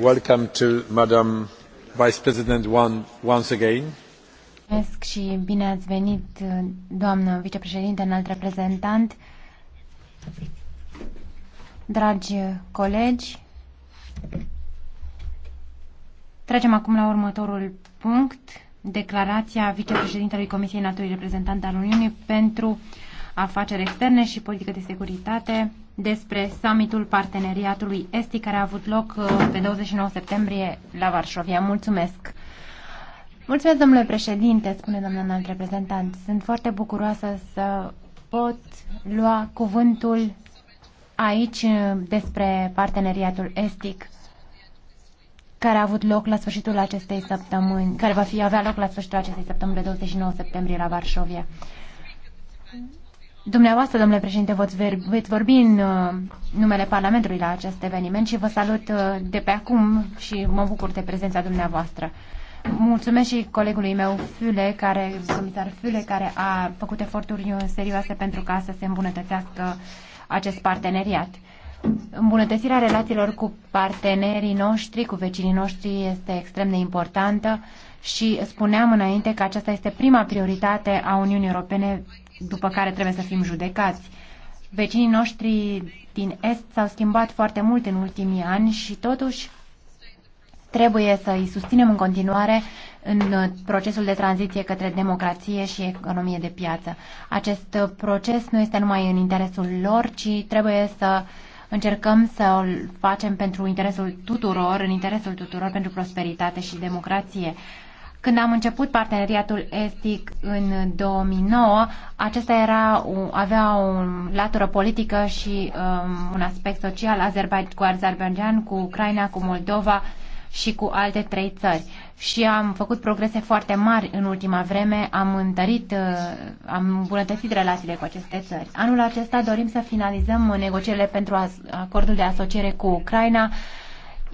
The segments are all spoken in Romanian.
Welcome to Madam Vice President once again. Mulțumesc și bine ați venit, doamnă vicepreședinte, înalt reprezentant. Dragi colegi, trecem acum la următorul punct, declarația vicepreședintelui Comisiei Naturii Reprezentant al Uniunii pentru Afaceri Externe și Politică de Securitate despre summitul parteneriatului estic care a avut loc uh, pe 29 septembrie la Varșovia. Mulțumesc! Mulțumesc, domnule președinte, spune doamna înalt reprezentant. Sunt foarte bucuroasă să pot lua cuvântul aici uh, despre parteneriatul estic care a avut loc la sfârșitul acestei săptămâni, care va fi avea loc la sfârșitul acestei săptămâni de 29 septembrie la Varșovia. Dumneavoastră, domnule președinte, veți vorbi în uh, numele Parlamentului la acest eveniment și vă salut uh, de pe acum și mă bucur de prezența dumneavoastră. Mulțumesc și colegului meu Füle, care, comisar Füle, care a făcut eforturi uh, serioase pentru ca să se îmbunătățească acest parteneriat. Îmbunătățirea relațiilor cu partenerii noștri, cu vecinii noștri, este extrem de importantă și spuneam înainte că aceasta este prima prioritate a Uniunii Europene după care trebuie să fim judecați. Vecinii noștri din Est s-au schimbat foarte mult în ultimii ani și totuși trebuie să îi susținem în continuare în procesul de tranziție către democrație și economie de piață. Acest proces nu este numai în interesul lor, ci trebuie să încercăm să o facem pentru interesul tuturor, în interesul tuturor pentru prosperitate și democrație. Când am început parteneriatul estic în 2009, acesta era, avea o latură politică și um, un aspect social cu Azerbaijan, cu Ucraina, cu Moldova și cu alte trei țări. Și am făcut progrese foarte mari în ultima vreme, am întărit, uh, am îmbunătățit relațiile cu aceste țări. Anul acesta dorim să finalizăm negocierile pentru acordul de asociere cu Ucraina,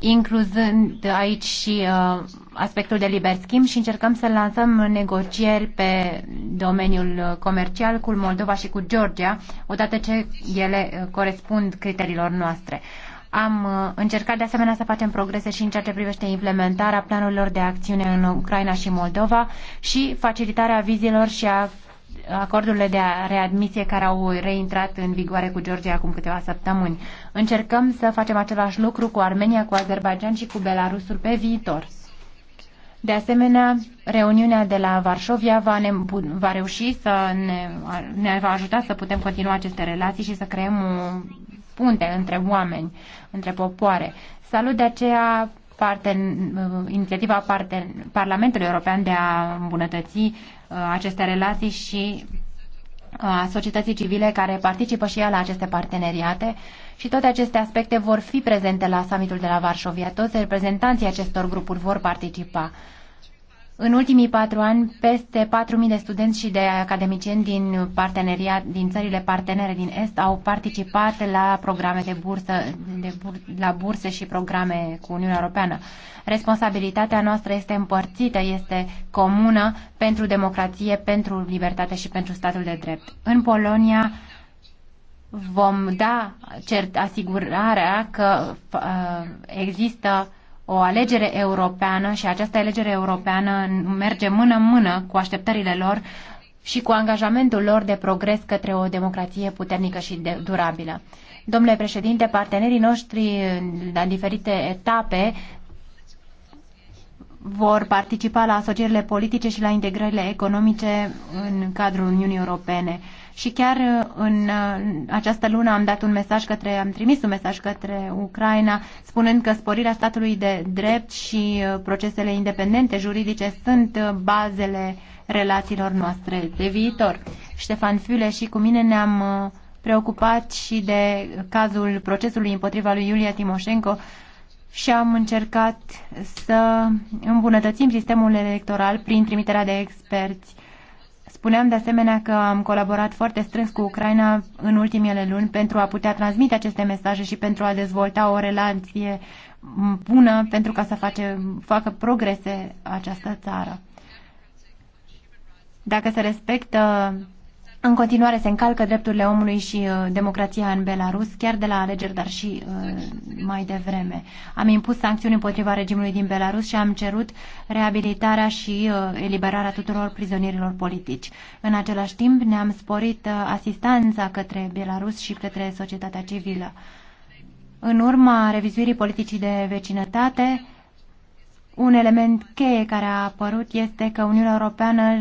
incluzând aici și uh, aspectul de liber schimb și încercăm să lansăm negocieri pe domeniul uh, comercial cu Moldova și cu Georgia, odată ce ele uh, corespund criteriilor noastre. Am uh, încercat de asemenea să facem progrese și în ceea ce privește implementarea planurilor de acțiune în Ucraina și Moldova și facilitarea vizilor și a acordurile de readmisie care au reintrat în vigoare cu Georgia acum câteva săptămâni. Încercăm să facem același lucru cu Armenia, cu Azerbaijan și cu Belarusul pe viitor. De asemenea, reuniunea de la Varșovia va, ne, va reuși să ne, ne va ajuta să putem continua aceste relații și să creăm o punte între oameni, între popoare. Salut de aceea parte, inițiativa parte, Parlamentului European de a îmbunătăți Uh, aceste relații și a uh, societății civile care participă și ea la aceste parteneriate și toate aceste aspecte vor fi prezente la summitul de la Varșovia. Toți reprezentanții acestor grupuri vor participa. În ultimii patru ani, peste 4.000 de studenți și de academicieni din, parteneria, din țările partenere din Est au participat la programe de bursă, de bur, la burse și programe cu Uniunea Europeană. Responsabilitatea noastră este împărțită, este comună pentru democrație, pentru libertate și pentru statul de drept. În Polonia, vom da asigurarea că uh, există o alegere europeană și această alegere europeană merge mână-mână cu așteptările lor și cu angajamentul lor de progres către o democrație puternică și de durabilă. Domnule președinte, partenerii noștri la diferite etape vor participa la asocierile politice și la integrările economice în cadrul Uniunii Europene. Și chiar uh, în uh, această lună am dat un mesaj către, am trimis un mesaj către Ucraina, spunând că sporirea statului de drept și uh, procesele independente juridice sunt bazele relațiilor noastre de viitor. Ștefan Fiule și cu mine ne-am preocupat și de cazul procesului împotriva lui Iulia Timoșenko și am încercat să îmbunătățim sistemul electoral prin trimiterea de experți. Spuneam de asemenea că am colaborat foarte strâns cu Ucraina în ultimele luni pentru a putea transmite aceste mesaje și pentru a dezvolta o relație bună pentru ca să face, facă progrese această țară. Dacă se respectă în continuare se încalcă drepturile omului și uh, democrația în Belarus, chiar de la alegeri, dar și uh, mai devreme. Am impus sancțiuni împotriva regimului din Belarus și am cerut reabilitarea și uh, eliberarea tuturor prizonierilor politici. În același timp ne-am sporit uh, asistanța către Belarus și către societatea civilă. În urma revizuirii politicii de vecinătate, un element cheie care a apărut este că Uniunea Europeană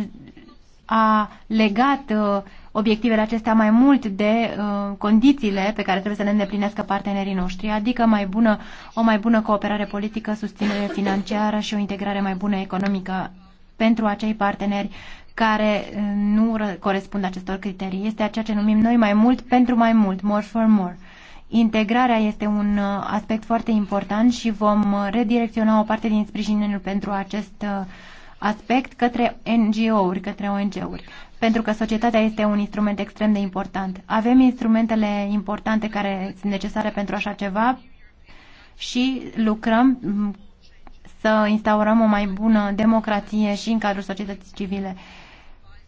a legat uh, obiectivele acestea mai mult de uh, condițiile pe care trebuie să le îndeplinească partenerii noștri, adică mai bună, o mai bună cooperare politică, susținere financiară și o integrare mai bună economică pentru acei parteneri care uh, nu corespund acestor criterii. Este ceea ce numim noi mai mult pentru mai mult, more for more. Integrarea este un uh, aspect foarte important și vom redirecționa o parte din sprijinul pentru acest uh, aspect către NGO-uri, către ONG-uri, pentru că societatea este un instrument extrem de important. Avem instrumentele importante care sunt necesare pentru așa ceva și lucrăm mm, să instaurăm o mai bună democrație și în cadrul societății civile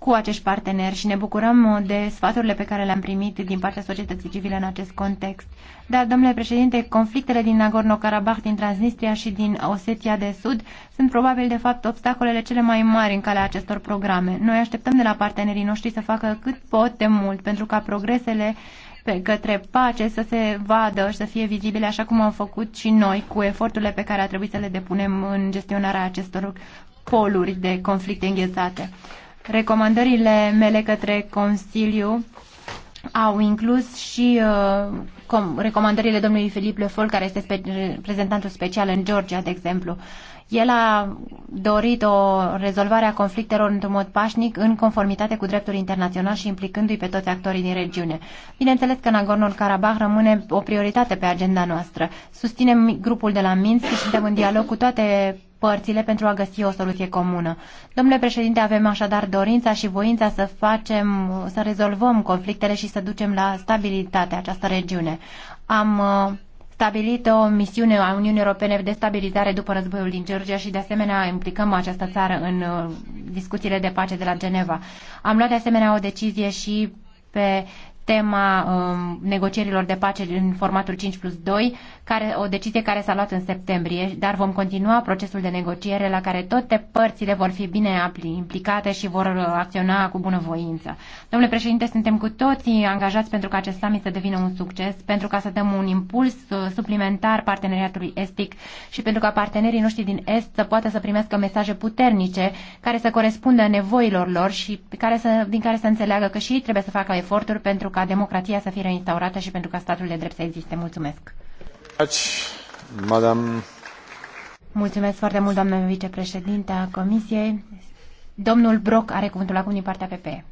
cu acești parteneri și ne bucurăm uh, de sfaturile pe care le-am primit din partea societății civile în acest context. Dar, domnule președinte, conflictele din Nagorno-Karabakh, din Transnistria și din Osetia de Sud sunt probabil, de fapt, obstacolele cele mai mari în calea acestor programe. Noi așteptăm de la partenerii noștri să facă cât pot de mult pentru ca progresele pe către pace să se vadă și să fie vizibile așa cum am făcut și noi cu eforturile pe care a trebuit să le depunem în gestionarea acestor poluri de conflicte înghețate. Recomandările mele către Consiliu au inclus și uh, recomandările domnului Filip Lefol, care este spe- reprezentantul special în Georgia, de exemplu. El a dorit o rezolvare a conflictelor într-un mod pașnic, în conformitate cu dreptul internațional și implicându-i pe toți actorii din regiune. Bineînțeles că Nagorno-Karabakh rămâne o prioritate pe agenda noastră. Susținem grupul de la Minsk și suntem în dialog cu toate părțile pentru a găsi o soluție comună. Domnule președinte, avem așadar dorința și voința să facem, să rezolvăm conflictele și să ducem la stabilitate această regiune. Am uh, stabilit o misiune a Uniunii Europene de stabilizare după războiul din Georgia și de asemenea implicăm această țară în uh, discuțiile de pace de la Geneva. Am luat de asemenea o decizie și pe tema um, negocierilor de pace în formatul 5 plus 2 care, o decizie care s-a luat în septembrie, dar vom continua procesul de negociere la care toate părțile vor fi bine implicate și vor uh, acționa cu bunăvoință. Domnule președinte, suntem cu toții angajați pentru ca acest summit să devină un succes, pentru ca să dăm un impuls uh, suplimentar parteneriatului estic și pentru ca partenerii noștri din Est să poată să primească mesaje puternice care să corespundă nevoilor lor și care să, din care să înțeleagă că și ei trebuie să facă eforturi pentru ca democrația să fie reinstaurată și pentru ca statul de drept să existe. Mulțumesc! Mulțumesc foarte mult, doamnă vicepreședinte a Comisiei. Domnul Brock are cuvântul acum din partea PPE.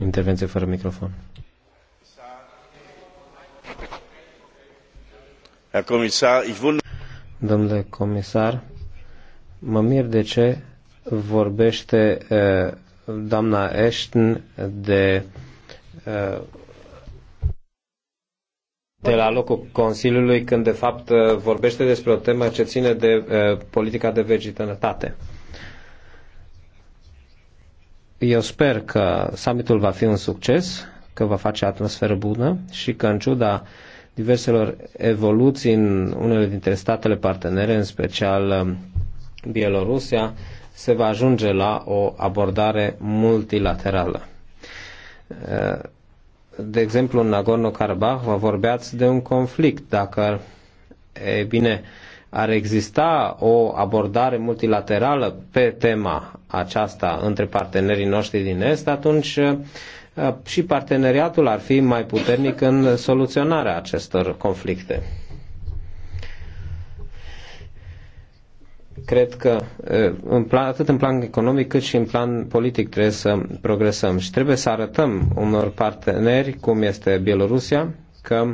Intervenție fără microfon. Domnule comisar, mă mir de ce vorbește eh, doamna Ashton de uh, de la locul Consiliului când de fapt uh, vorbește despre o temă ce ține de uh, politica de vegetănătate. Eu sper că summitul va fi un succes, că va face atmosferă bună și că în ciuda diverselor evoluții în unele dintre statele partenere, în special uh, Bielorusia, se va ajunge la o abordare multilaterală. De exemplu, în Nagorno-Karabakh vă vorbeați de un conflict. Dacă, e bine, ar exista o abordare multilaterală pe tema aceasta între partenerii noștri din Est, atunci uh, și parteneriatul ar fi mai puternic în soluționarea acestor conflicte. Cred că în plan, atât în plan economic cât și în plan politic trebuie să progresăm și trebuie să arătăm unor parteneri, cum este Bielorusia, că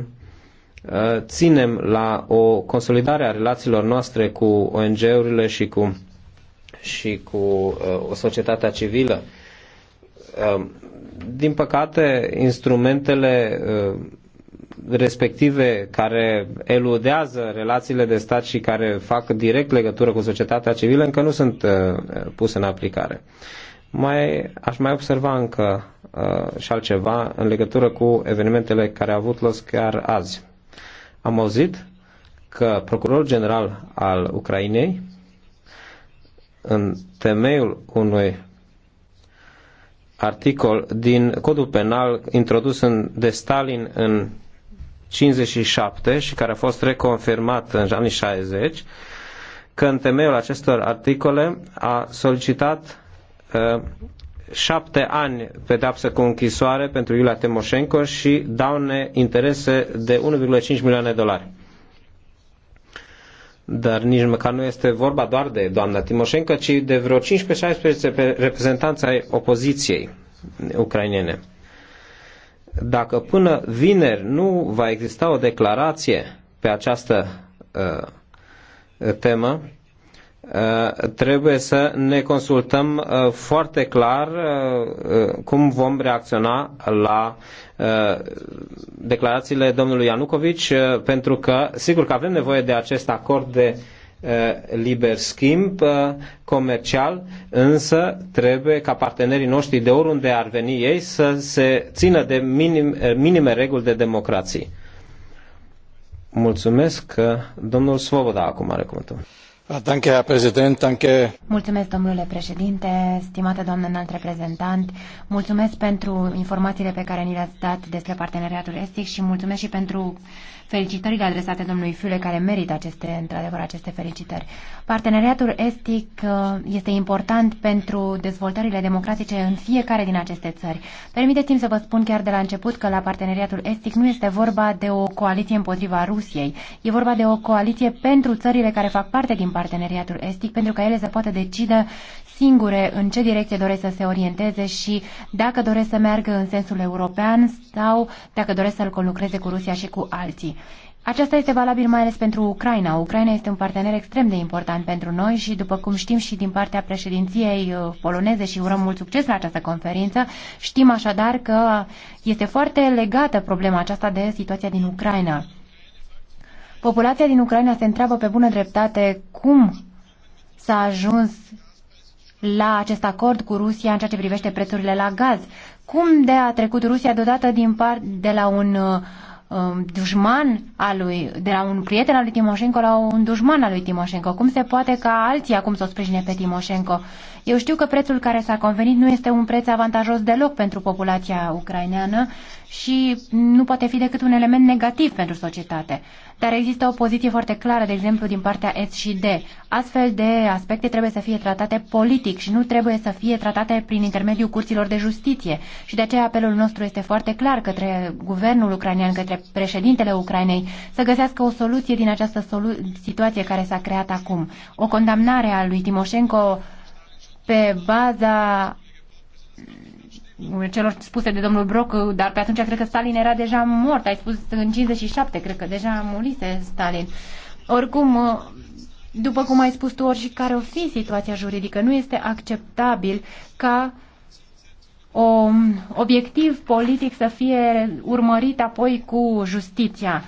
ținem la o consolidare a relațiilor noastre cu ONG-urile și cu, și cu o societatea civilă. Din păcate, instrumentele respective care eludează relațiile de stat și care fac direct legătură cu societatea civilă încă nu sunt uh, puse în aplicare. Mai, aș mai observa încă uh, și altceva în legătură cu evenimentele care au avut loc chiar azi. Am auzit că procurorul general al Ucrainei, în temeiul unui articol din codul penal introdus în, de Stalin în 57 și care a fost reconfirmat în anii 60, că în temeiul acestor articole a solicitat uh, șapte ani pedapsă cu închisoare pentru Iulia Temoșenko și daune interese de 1,5 milioane de dolari. Dar nici măcar nu este vorba doar de doamna Timoșenko, ci de vreo 15-16 reprezentanți ai opoziției ucrainene. Dacă până vineri nu va exista o declarație pe această uh, temă, uh, trebuie să ne consultăm uh, foarte clar uh, uh, cum vom reacționa la uh, declarațiile domnului Ianucovici, pentru că sigur că avem nevoie de acest acord de Eh, liber schimb eh, comercial, însă trebuie ca partenerii noștri de oriunde ar veni ei să se țină de minim, eh, minime reguli de democrație. Mulțumesc. Domnul Svoboda acum are cuvântul. Ah, mulțumesc, domnule președinte, stimată doamnă înalt reprezentant, mulțumesc pentru informațiile pe care ni le-ați dat despre parteneriatul estic și mulțumesc și pentru felicitările adresate domnului Fiule, care merită aceste, într-adevăr aceste felicitări. Parteneriatul estic uh, este important pentru dezvoltările democratice în fiecare din aceste țări. Permiteți-mi să vă spun chiar de la început că la parteneriatul estic nu este vorba de o coaliție împotriva Rusiei. E vorba de o coaliție pentru țările care fac parte din parteneriatul estic, pentru că ele să poată decide singure în ce direcție doresc să se orienteze și dacă doresc să meargă în sensul european sau dacă doresc să-l conlucreze cu Rusia și cu alții. Aceasta este valabil mai ales pentru Ucraina. Ucraina este un partener extrem de important pentru noi și, după cum știm și din partea președinției uh, poloneze și urăm mult succes la această conferință, știm așadar că este foarte legată problema aceasta de situația din Ucraina. Populația din Ucraina se întreabă pe bună dreptate cum s-a ajuns la acest acord cu Rusia în ceea ce privește prețurile la gaz. Cum de a trecut Rusia deodată din part de la un uh, dușman al lui, de la un prieten al lui Timoșenco la un dușman al lui Timoșenco, Cum se poate ca alții acum să o sprijine pe Timoșenco? Eu știu că prețul care s-a convenit nu este un preț avantajos deloc pentru populația ucraineană și nu poate fi decât un element negativ pentru societate. Dar există o poziție foarte clară, de exemplu, din partea S și D. Astfel de aspecte trebuie să fie tratate politic și nu trebuie să fie tratate prin intermediul curților de justiție. Și de aceea apelul nostru este foarte clar către guvernul ucrainean, către președintele Ucrainei, să găsească o soluție din această situație care s-a creat acum. O condamnare a lui Timoșenko pe baza celor spuse de domnul Broc, dar pe atunci cred că Stalin era deja mort, ai spus în 57, cred că deja murise Stalin. Oricum, după cum ai spus tu, și care o fi situația juridică, nu este acceptabil ca o obiectiv politic să fie urmărit apoi cu justiția.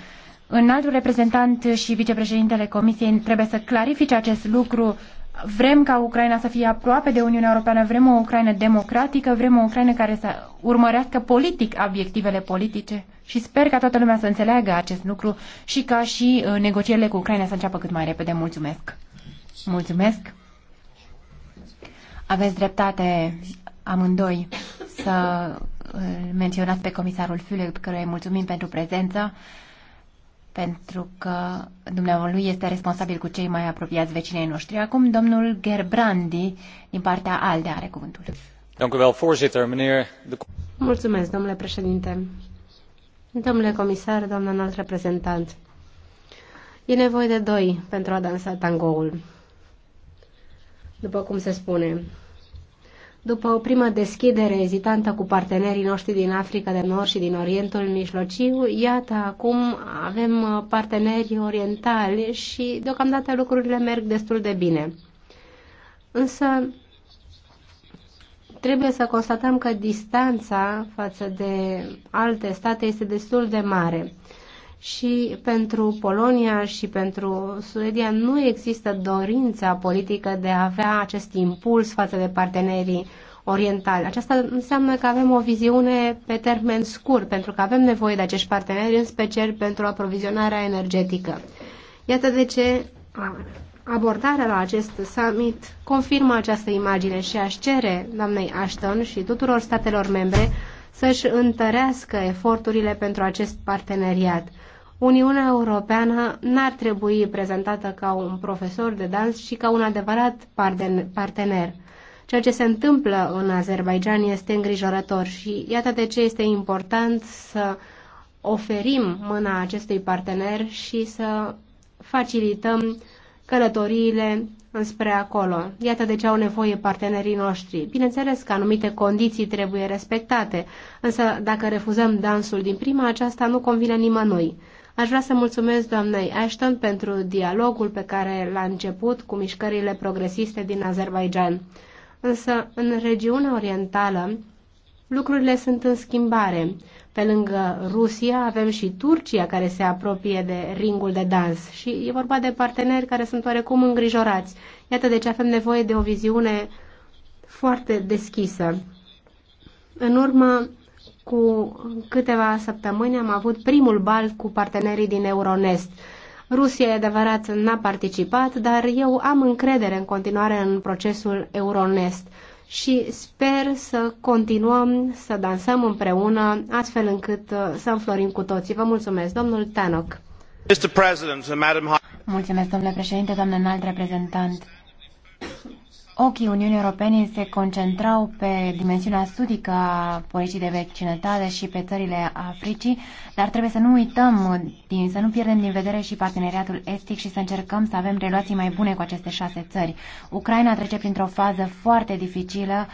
Înaltul reprezentant și vicepreședintele Comisiei trebuie să clarifice acest lucru Vrem ca Ucraina să fie aproape de Uniunea Europeană, vrem o Ucraina democratică, vrem o Ucraina care să urmărească politic obiectivele politice și sper ca toată lumea să înțeleagă acest lucru și ca și uh, negocierile cu Ucraina să înceapă cât mai repede. Mulțumesc! Mulțumesc! Aveți dreptate amândoi să uh, menționați pe comisarul Philip, căruia îi mulțumim pentru prezență pentru că dumneavoastră este responsabil cu cei mai apropiați vecinei noștri. Acum domnul Gerbrandi din partea ALDE are cuvântul. Mulțumesc, domnule președinte. Domnule comisar, doamna înalt reprezentant. E nevoie de doi pentru a dansa tangoul. După cum se spune, după o primă deschidere ezitantă cu partenerii noștri din Africa de Nord și din Orientul Mijlociu, iată, acum avem uh, parteneri orientali și deocamdată lucrurile merg destul de bine. Însă trebuie să constatăm că distanța față de alte state este destul de mare și pentru Polonia și pentru Suedia nu există dorința politică de a avea acest impuls față de partenerii orientali. Aceasta înseamnă că avem o viziune pe termen scurt, pentru că avem nevoie de acești parteneri, în special pentru aprovizionarea energetică. Iată de ce abordarea la acest summit confirmă această imagine și aș cere doamnei Ashton și tuturor statelor membre să-și întărească eforturile pentru acest parteneriat Uniunea Europeană n-ar trebui prezentată ca un profesor de dans, și ca un adevărat partener. Ceea ce se întâmplă în Azerbaijan este îngrijorător și iată de ce este important să oferim mâna acestui partener și să facilităm călătoriile înspre acolo. Iată de ce au nevoie partenerii noștri. Bineînțeles că anumite condiții trebuie respectate, însă dacă refuzăm dansul din prima, aceasta nu convine nimănui. Aș vrea să mulțumesc doamnei Ashton pentru dialogul pe care l-a început cu mișcările progresiste din Azerbaijan. Însă, în regiunea orientală, lucrurile sunt în schimbare. Pe lângă Rusia avem și Turcia care se apropie de ringul de dans și e vorba de parteneri care sunt oarecum îngrijorați. Iată de ce avem nevoie de o viziune foarte deschisă. În urmă cu câteva săptămâni am avut primul bal cu partenerii din Euronest. Rusia, e adevărat, n-a participat, dar eu am încredere în continuare în procesul Euronest și sper să continuăm să dansăm împreună, astfel încât uh, să înflorim cu toții. Vă mulțumesc, domnul Tanok. Mulțumesc, domnule președinte, doamnă înalt reprezentant ochii Uniunii Europene se concentrau pe dimensiunea sudică a politicii de vecinătate și pe țările Africii, dar trebuie să nu uităm, să nu pierdem din vedere și parteneriatul estic și să încercăm să avem relații mai bune cu aceste șase țări. Ucraina trece printr-o fază foarte dificilă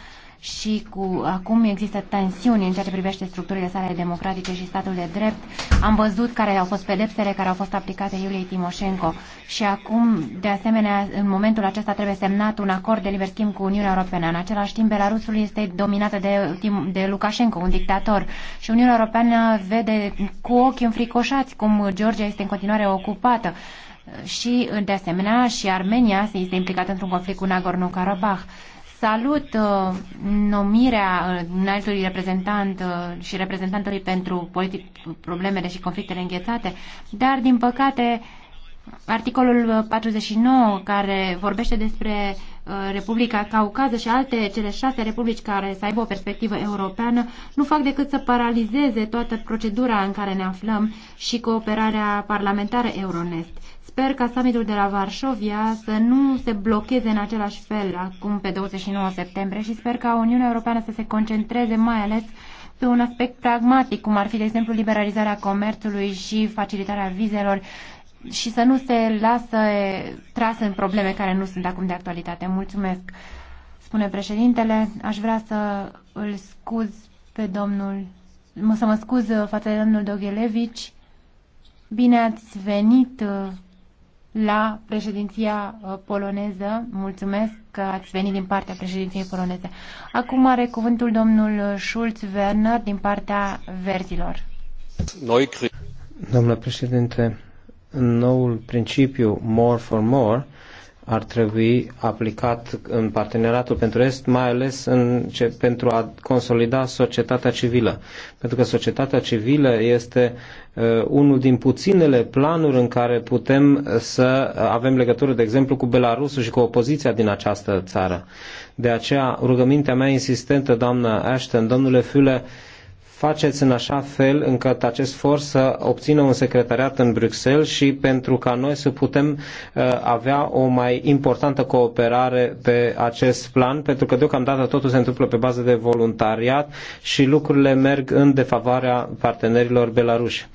și cu acum există tensiuni în ceea ce privește structurile sale democratice și statul de drept. Am văzut care au fost pedepsele care au fost aplicate Iuliei Timoșenko și acum, de asemenea, în momentul acesta trebuie semnat un acord de liber schimb cu Uniunea Europeană. În același timp, Belarusul este dominată de, de Lukashenko, un dictator și Uniunea Europeană vede cu ochii înfricoșați cum Georgia este în continuare ocupată și, de asemenea, și Armenia se este implicată într-un conflict cu Nagorno-Karabakh. Salut uh, numirea uh, înaltului reprezentant uh, și reprezentantului pentru politic, problemele și conflictele înghețate, dar, din păcate, articolul 49, care vorbește despre uh, Republica Caucază și alte cele șase republici care să aibă o perspectivă europeană, nu fac decât să paralizeze toată procedura în care ne aflăm și cooperarea parlamentară Euronest. Sper ca summitul de la Varșovia să nu se blocheze în același fel acum pe 29 septembrie și sper ca Uniunea Europeană să se concentreze mai ales pe un aspect pragmatic, cum ar fi, de exemplu, liberalizarea comerțului și facilitarea vizelor și să nu se lasă trase în probleme care nu sunt acum de actualitate. Mulțumesc, spune președintele. Aș vrea să îl scuz pe domnul, să mă scuz față de domnul Doghelevici. Bine ați venit la președinția uh, poloneză. Mulțumesc că ați venit din partea președinției poloneze. Acum are cuvântul domnul Schulz Werner din partea verzilor. Noi Domnule președinte, noul principiu more for more ar trebui aplicat în parteneriatul pentru Est, mai ales în ce, pentru a consolida societatea civilă. Pentru că societatea civilă este uh, unul din puținele planuri în care putem uh, să avem legătură, de exemplu, cu Belarusul și cu opoziția din această țară. De aceea, rugămintea mea insistentă, doamnă Ashton, domnule fule. uh, faceți în așa fel încât acest for să obțină un secretariat în Bruxelles și pentru ca noi să putem uh, avea o mai importantă cooperare pe acest plan, pentru că deocamdată totul se întâmplă pe bază de voluntariat și lucrurile merg în defavoarea partenerilor belaruși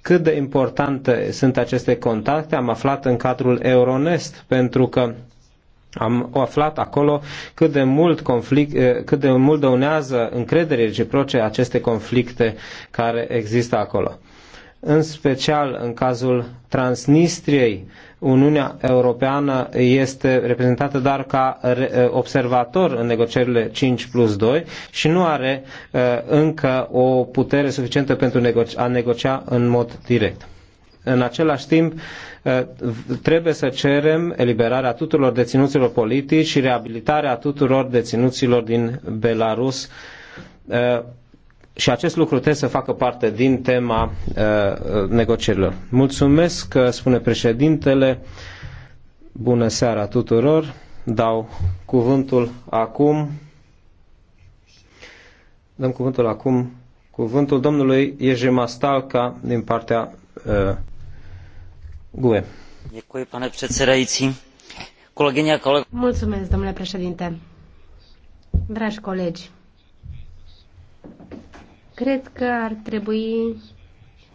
cât de importante sunt aceste contacte am aflat în cadrul Euronest, pentru că am aflat acolo cât de mult, conflict, eh, cât de mult dăunează încredere reciproce aceste conflicte care există acolo. În special în cazul Transnistriei, Uniunea Europeană este reprezentată doar ca eh, observator în negocierile 5 plus 2 și nu are eh, încă o putere suficientă pentru a negocia în mod direct. În același timp, trebuie să cerem eliberarea tuturor deținuților politici și reabilitarea tuturor deținuților din Belarus. Și acest lucru trebuie să facă parte din tema negocierilor. Mulțumesc, spune președintele. Bună seara tuturor. Dau cuvântul acum. Dăm cuvântul acum cuvântul domnului Ieje Mastalca din partea uh, Mulțumesc, domnule președinte. Dragi colegi, cred că ar trebui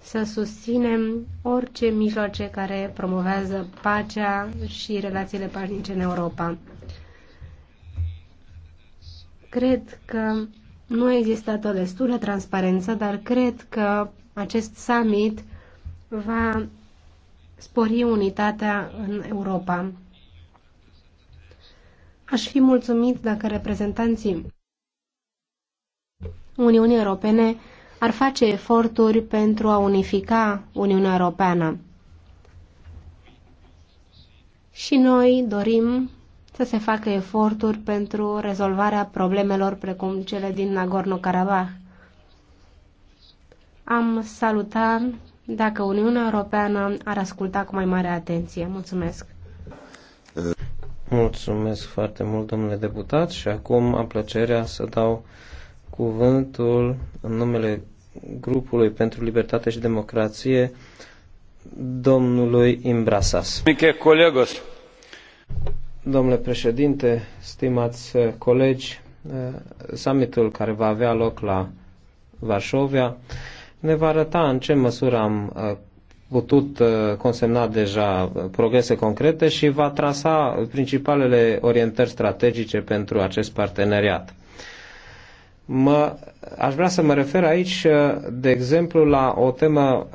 să susținem orice mijloace care promovează pacea și relațiile pașnice în Europa. Cred că nu a existat o destulă transparență, dar cred că acest summit va spori unitatea în Europa. Aș fi mulțumit dacă reprezentanții Uniunii Europene ar face eforturi pentru a unifica Uniunea Europeană. Și noi dorim să se facă eforturi pentru rezolvarea problemelor precum cele din Nagorno-Karabakh. Am salutat dacă Uniunea Europeană ar asculta cu mai mare atenție. Mulțumesc! Mulțumesc foarte mult, domnule deputat, și acum am plăcerea să dau cuvântul în numele grupului pentru libertate și democrație domnului Imbrasas. colegos. Domnule președinte, stimați uh, colegi, uh, summitul care va avea loc la Varșovia ne va arăta în ce măsură am uh, putut uh, consemna deja uh, progrese concrete și va trasa principalele orientări strategice pentru acest parteneriat. Mă, aș vrea să mă refer aici, de exemplu, la o temă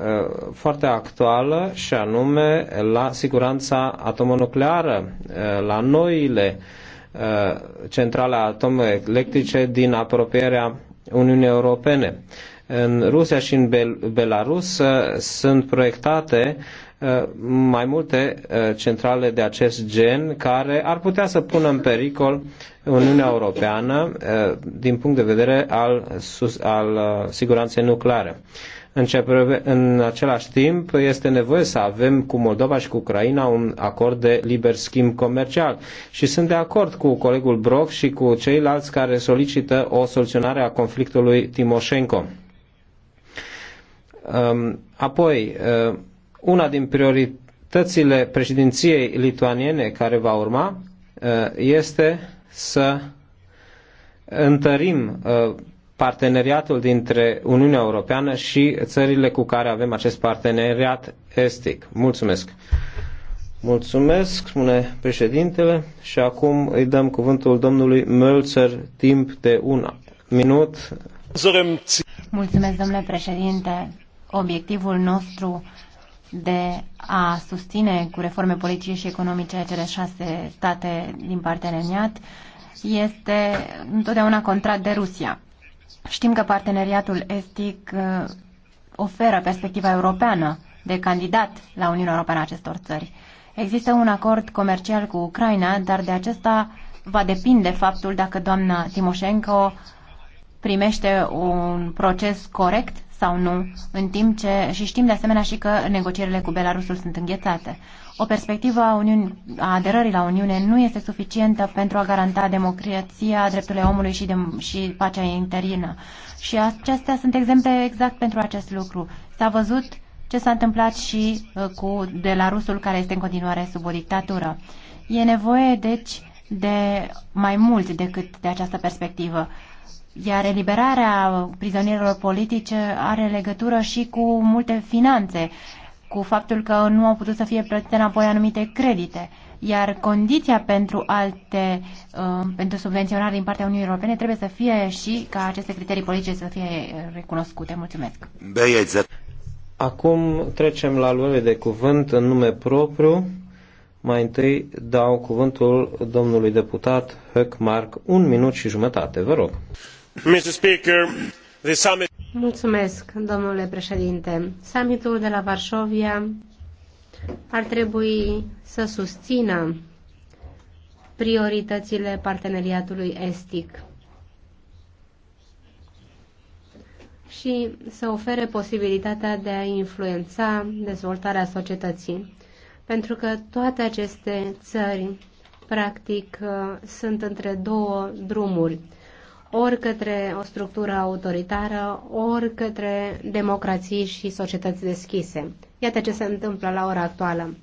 foarte actuală și anume la siguranța atomonucleară, la noile centrale atomoelectrice din apropierea Uniunii Europene în Rusia și în Bel- Belarus uh, sunt proiectate uh, mai multe uh, centrale de acest gen care ar putea să pună în pericol Uniunea Europeană din punct de vedere al, al siguranței nucleare. În același timp, este nevoie să avem cu Moldova și cu Ucraina un acord de liber schimb comercial. Și sunt de acord cu colegul Brock și cu ceilalți care solicită o soluționare a conflictului Timoșenko. Um, apoi, uh, una din prioritățile președinției lituaniene care va urma uh, este să întărim uh, parteneriatul dintre Uniunea Europeană și țările cu care avem acest parteneriat estic. Mulțumesc! Mulțumesc, spune președintele, și acum îi dăm cuvântul domnului Mölzer timp de un minut. Mulțumesc, domnule președinte obiectivul nostru de a susține cu reforme politice și economice cele șase state din parteneriat este întotdeauna contrat de Rusia. Știm că parteneriatul estic uh, oferă perspectiva europeană de candidat la Uniunea Europeană a acestor țări. Există un acord comercial cu Ucraina, dar de acesta va depinde faptul dacă doamna Timoșenko primește un proces corect sau nu, în timp ce, și știm de asemenea și că negocierile cu Belarusul sunt înghețate. O perspectivă a, Uniun, a aderării la Uniune nu este suficientă pentru a garanta democrația, drepturile omului și, de, și pacea interină. Și acestea sunt exemple exact pentru acest lucru. S-a văzut ce s-a întâmplat și uh, cu Belarusul, care este în continuare sub o dictatură. E nevoie, deci, de mai mult decât de această perspectivă. Iar eliberarea prizonierilor politici are legătură și cu multe finanțe, cu faptul că nu au putut să fie plătite înapoi anumite credite. Iar condiția pentru alte, uh, pentru subvenționare din partea Uniunii Europene trebuie să fie și ca aceste criterii politice să fie recunoscute. Mulțumesc! Acum trecem la luare de cuvânt în nume propriu. Mai întâi dau cuvântul domnului deputat Höckmark, un minut și jumătate, vă rog domnule președinte. Summitul de la Varșovia ar trebui să susțină prioritățile parteneriatului estic și să ofere posibilitatea de a influența dezvoltarea societății. Pentru că toate aceste țări, practic, sunt între două drumuri ori către o structură autoritară, ori către democrații și societăți deschise. Iată ce se întâmplă la ora actuală.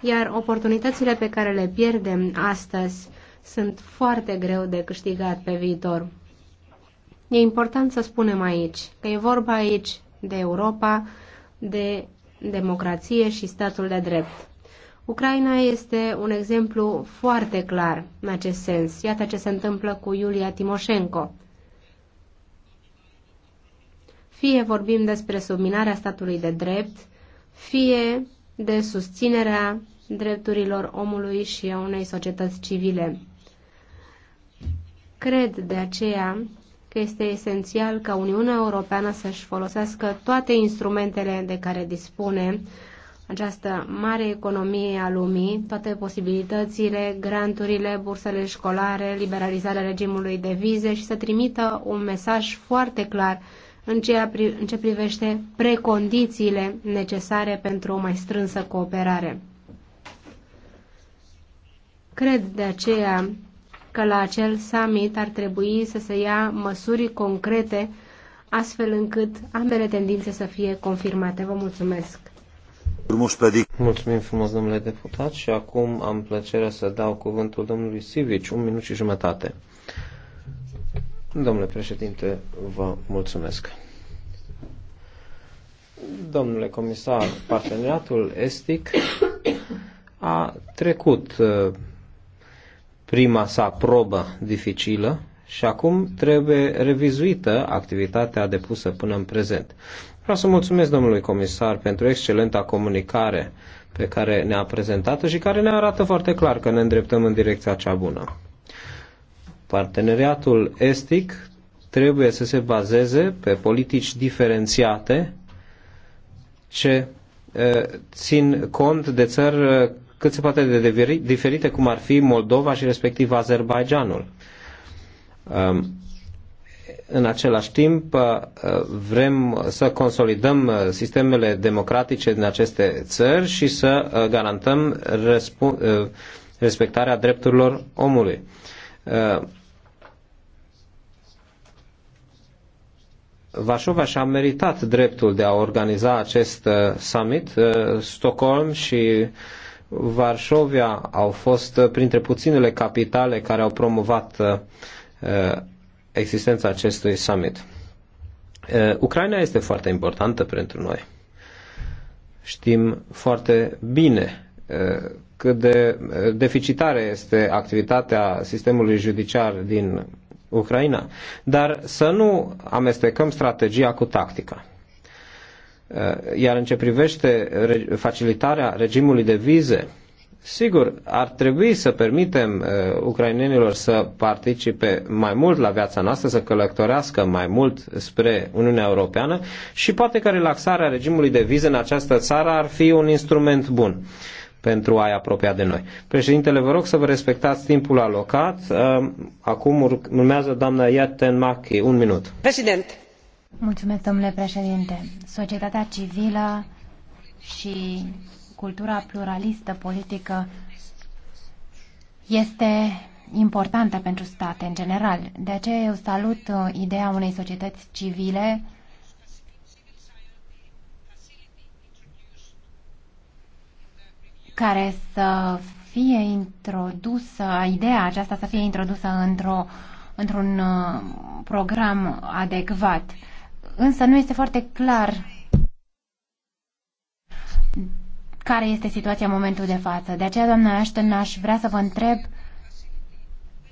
Iar oportunitățile pe care le pierdem astăzi sunt foarte greu de câștigat pe viitor. E important să spunem aici că e vorba aici de Europa, de democrație și statul de drept. Ucraina este un exemplu foarte clar în acest sens. Iată ce se întâmplă cu Iulia Timoșenko. Fie vorbim despre subminarea statului de drept, fie de susținerea drepturilor omului și a unei societăți civile. Cred de aceea că este esențial ca Uniunea Europeană să-și folosească toate instrumentele de care dispune această mare economie a lumii, toate posibilitățile, granturile, bursele școlare, liberalizarea regimului de vize și să trimită un mesaj foarte clar în, ceea, în ce privește precondițiile necesare pentru o mai strânsă cooperare. Cred de aceea că la acel summit ar trebui să se ia măsuri concrete astfel încât ambele tendințe să fie confirmate. Vă mulțumesc! Mulțumim frumos, domnule deputat, și acum am plăcerea să dau cuvântul domnului Sivici, un minut și jumătate. Domnule președinte, vă mulțumesc. Domnule comisar, parteneriatul estic a trecut uh, prima sa probă dificilă și acum trebuie revizuită activitatea depusă până în prezent. Vreau să mulțumesc domnului comisar pentru excelenta comunicare pe care ne-a prezentat-o și care ne arată foarte clar că ne îndreptăm în direcția cea bună. Parteneriatul estic trebuie să se bazeze pe politici diferențiate ce țin cont de țări cât se poate de diferite, cum ar fi Moldova și respectiv Azerbaijanul în același timp uh, vrem să consolidăm uh, sistemele democratice din aceste țări și să uh, garantăm respectarea drepturilor omului. Vașova și-a meritat dreptul de a organiza acest summit. Stockholm și Varșovia au fost printre puținele capitale care au promovat existența acestui summit. Ucraina este foarte importantă pentru noi. Știm foarte bine cât de deficitare este activitatea sistemului judiciar din Ucraina, dar să nu amestecăm strategia cu tactica. Iar în ce privește facilitarea regimului de vize, Sigur, ar trebui să permitem uh, ucrainenilor să participe mai mult la viața noastră, să călătorească mai mult spre Uniunea Europeană și poate că relaxarea regimului de vize în această țară ar fi un instrument bun pentru a-i apropia de noi. Președintele, vă rog să vă respectați timpul alocat. Uh, acum urmează doamna Iaten Machi. Un minut. Președinte, Mulțumesc, domnule președinte. Societatea civilă și cultura pluralistă politică este importantă pentru state în general. De aceea eu salut uh, ideea unei societăți civile care să fie introdusă, ideea aceasta să fie introdusă într-o, într-un uh, program adecvat. Însă nu este foarte clar care este situația în momentul de față. De aceea, doamna Ashton, aș vrea să vă întreb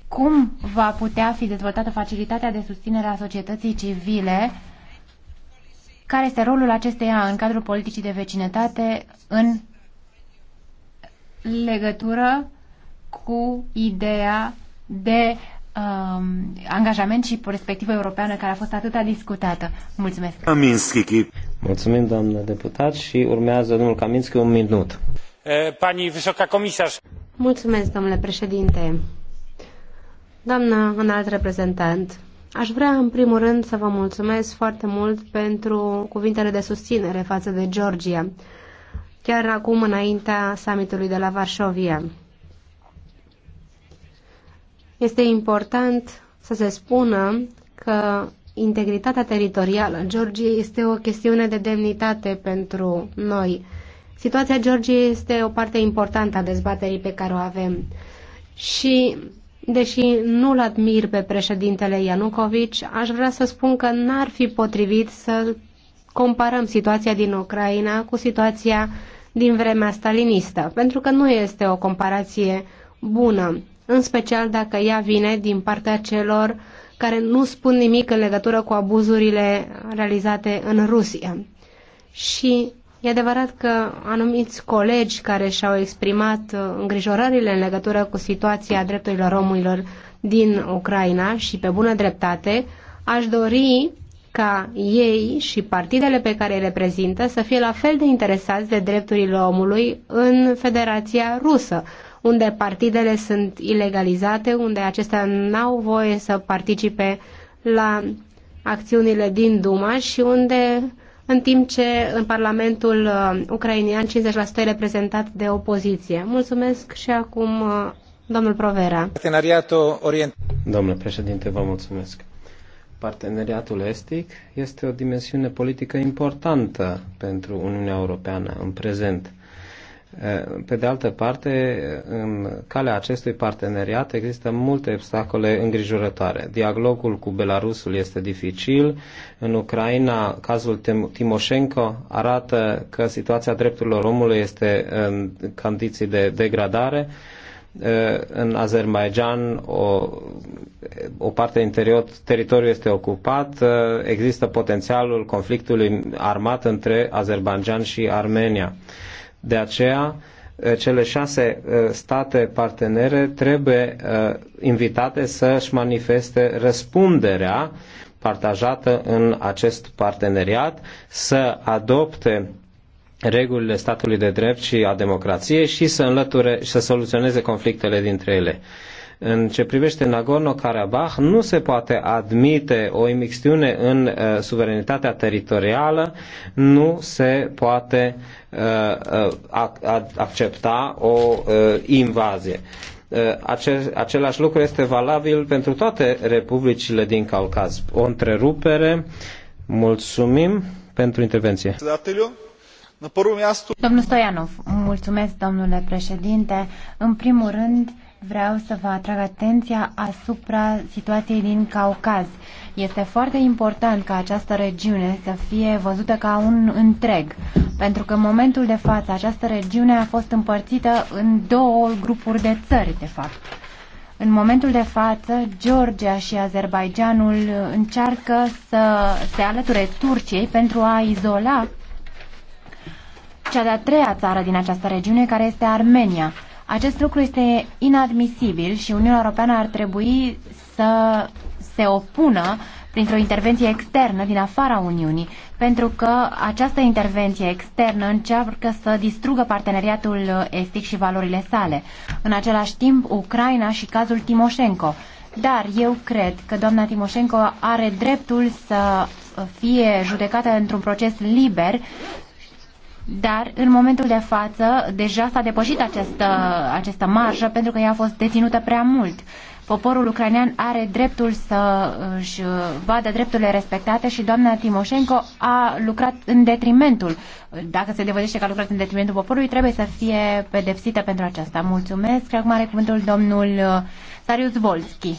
cum va putea fi dezvoltată facilitatea de susținere a societății civile, care este rolul acesteia în cadrul politicii de vecinătate în legătură cu ideea de um, angajament și perspectivă europeană care a fost atâta discutată. Mulțumesc! Aminski. Mulțumim, doamnă deputat, și urmează domnul Kaminski un minut. Pani Vysoka Comisar. Mulțumesc, domnule președinte. Doamna înalt reprezentant, aș vrea în primul rând să vă mulțumesc foarte mult pentru cuvintele de susținere față de Georgia, chiar acum înaintea summitului de la Varșovia. Este important să se spună că integritatea teritorială Georgiei este o chestiune de demnitate pentru noi. Situația Georgiei este o parte importantă a dezbaterii pe care o avem. Și, deși nu-l admir pe președintele Ianucovici, aș vrea să spun că n-ar fi potrivit să comparăm situația din Ucraina cu situația din vremea stalinistă, pentru că nu este o comparație bună, în special dacă ea vine din partea celor uh, care nu spun nimic în legătură cu abuzurile realizate în Rusia. Și e adevărat că anumiți colegi care și-au exprimat uh, îngrijorările în legătură cu situația drepturilor omului din Ucraina și pe bună dreptate, aș dori ca ei și partidele pe care îi reprezintă să fie la fel de interesați de drepturile omului în Federația Rusă, unde partidele sunt ilegalizate, unde acestea n-au voie să participe la acțiunile din Duma și unde, în timp ce în Parlamentul uh, ucrainian 50% e reprezentat de opoziție. Mulțumesc și acum uh, domnul Provera. Parteneriatul Orient. Domnule președinte, vă mulțumesc. Parteneriatul estic este o dimensiune politică importantă pentru Uniunea Europeană în prezent pe de altă parte, în calea acestui parteneriat există multe obstacole îngrijorătoare. Dialogul cu Belarusul este dificil. În Ucraina, cazul Timoshenko arată că situația drepturilor omului este în condiții de degradare în Azerbaijan o, o parte interior teritoriul este ocupat, există potențialul conflictului armat între Azerbaijan și Armenia. De aceea, eh, cele șase eh, state partenere trebuie eh, invitate să-și manifeste răspunderea partajată în acest parteneriat, să adopte regulile statului de drept și a democrației și să înlăture și să soluționeze conflictele dintre ele. În ce privește Nagorno-Karabakh, nu se poate admite o imixtiune în uh, suveranitatea teritorială, nu se poate uh, uh ac accepta o uh, invazie. Uh, ace același lucru este valabil pentru toate republicile din Caucaz. O întrerupere. Mulțumim pentru intervenție. Domnul Stoianov, mulțumesc, domnule președinte. În primul rând, Vreau să vă atrag atenția asupra situației din Caucaz. Este foarte important ca această regiune să fie văzută ca un întreg, pentru că în momentul de față această regiune a fost împărțită în două grupuri de țări, de fapt. În momentul de față, Georgia și Azerbaijanul încearcă să se alăture Turciei pentru a izola cea de-a treia țară din această regiune, care este Armenia. Acest lucru este inadmisibil și Uniunea Europeană ar trebui să se opună printr-o intervenție externă din afara Uniunii, pentru că această intervenție externă încearcă să distrugă parteneriatul estic și valorile sale. În același timp, Ucraina și cazul Timoșenko. Dar eu cred că doamna Timoșenko are dreptul să fie judecată într-un proces liber dar în momentul de față deja s-a depășit această, această marjă pentru că ea a fost deținută prea mult. Poporul ucrainean are dreptul să își vadă drepturile respectate și doamna Timoșenko a lucrat în detrimentul, dacă se devădește că a lucrat în detrimentul poporului, trebuie să fie pedepsită pentru aceasta. Mulțumesc. Acum are cuvântul domnul uh, Sarius Volski.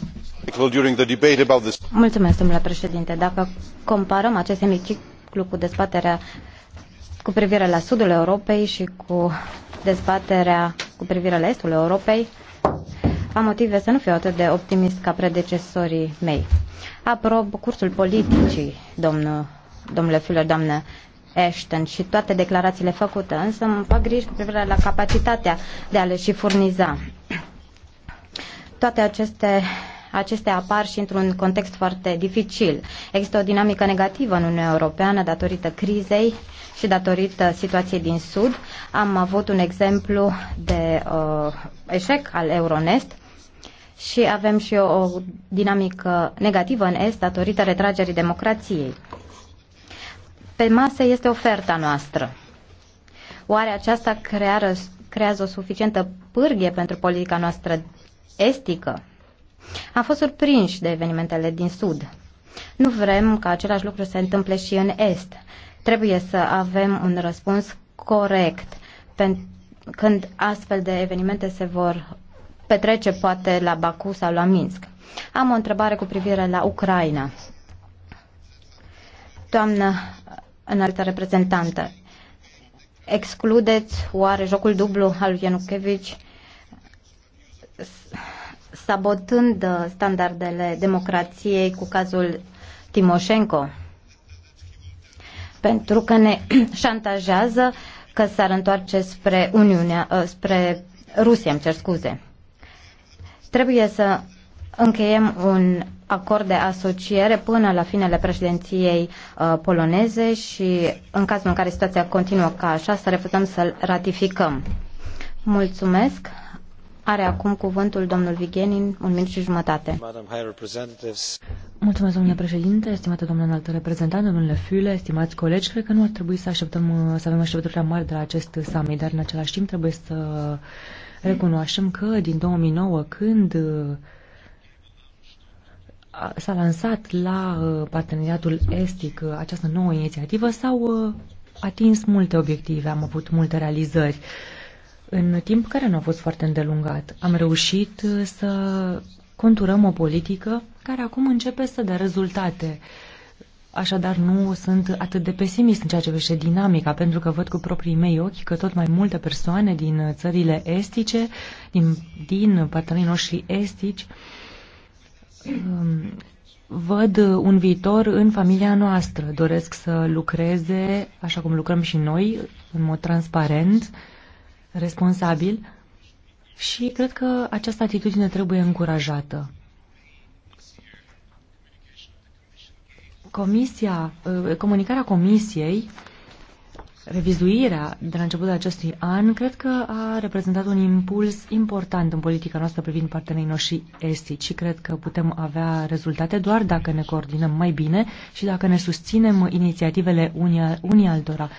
Mulțumesc, domnule președinte. Dacă comparăm acest emiciclu cu dezbaterea cu privire la sudul Europei și cu dezbaterea cu privire la estul Europei, am motive să nu fiu atât de optimist ca predecesorii mei. Aprob cursul politicii, domnul, domnule Fuller, doamnă Ashton și toate declarațiile făcute, însă îmi fac griji cu privire la capacitatea de a le și furniza. Toate aceste acestea apar și într-un context foarte dificil. Există o dinamică negativă în Uniunea Europeană datorită crizei și datorită situației din Sud. Am avut un exemplu de uh, eșec al Euronest și avem și o, o dinamică negativă în Est datorită retragerii democrației. Pe masă este oferta noastră. Oare aceasta creează, creează o suficientă pârghie pentru politica noastră estică? Am fost surprinși de evenimentele din Sud. Nu vrem ca același lucru să se întâmple și în Est. Trebuie să avem un răspuns corect când astfel de evenimente se vor petrece poate la Baku sau la Minsk. Am o întrebare cu privire la Ucraina. Doamnă înaltă reprezentantă, excludeți oare jocul dublu al lui Ianukevici? sabotând uh, standardele democrației cu cazul Timoșenco, pentru că ne șantajează că s-ar întoarce spre Uniunea, uh, spre Rusia, îmi cer scuze. Trebuie să încheiem un acord de asociere până la finele președinției uh, poloneze și în cazul în care situația continuă ca așa, să refuzăm să-l ratificăm. Mulțumesc. Are acum cuvântul domnul Vigenin, un minut și jumătate. Mulțumesc, domnule președinte, estimată doamnă înaltă reprezentant, domnule Fule, estimați colegi. Cred că nu ar trebui să așteptăm să avem așteptări mari de la acest summit, dar în același timp trebuie să recunoaștem că din 2009, când s-a lansat la uh, parteneriatul estic uh, această nouă inițiativă, s-au uh, atins multe obiective, am avut multe realizări. Uh, în timp care nu a fost foarte îndelungat. Am reușit uh, să conturăm o politică care acum începe să dea rezultate. Așadar, nu sunt atât de pesimist în ceea ce privește dinamica, pentru că văd cu proprii mei ochi că tot mai multe persoane din țările estice, din, din partenerii noștri estici, um, văd un viitor în familia noastră. Doresc să lucreze așa cum lucrăm și noi, în mod transparent, responsabil și cred că această atitudine trebuie încurajată. Comisia, uh, comunicarea Comisiei, revizuirea de la începutul acestui an, cred că a reprezentat un impuls important în politica noastră privind partenerii noștri estici și cred că putem avea rezultate doar dacă ne coordinăm mai bine și dacă ne susținem inițiativele unii, unii altora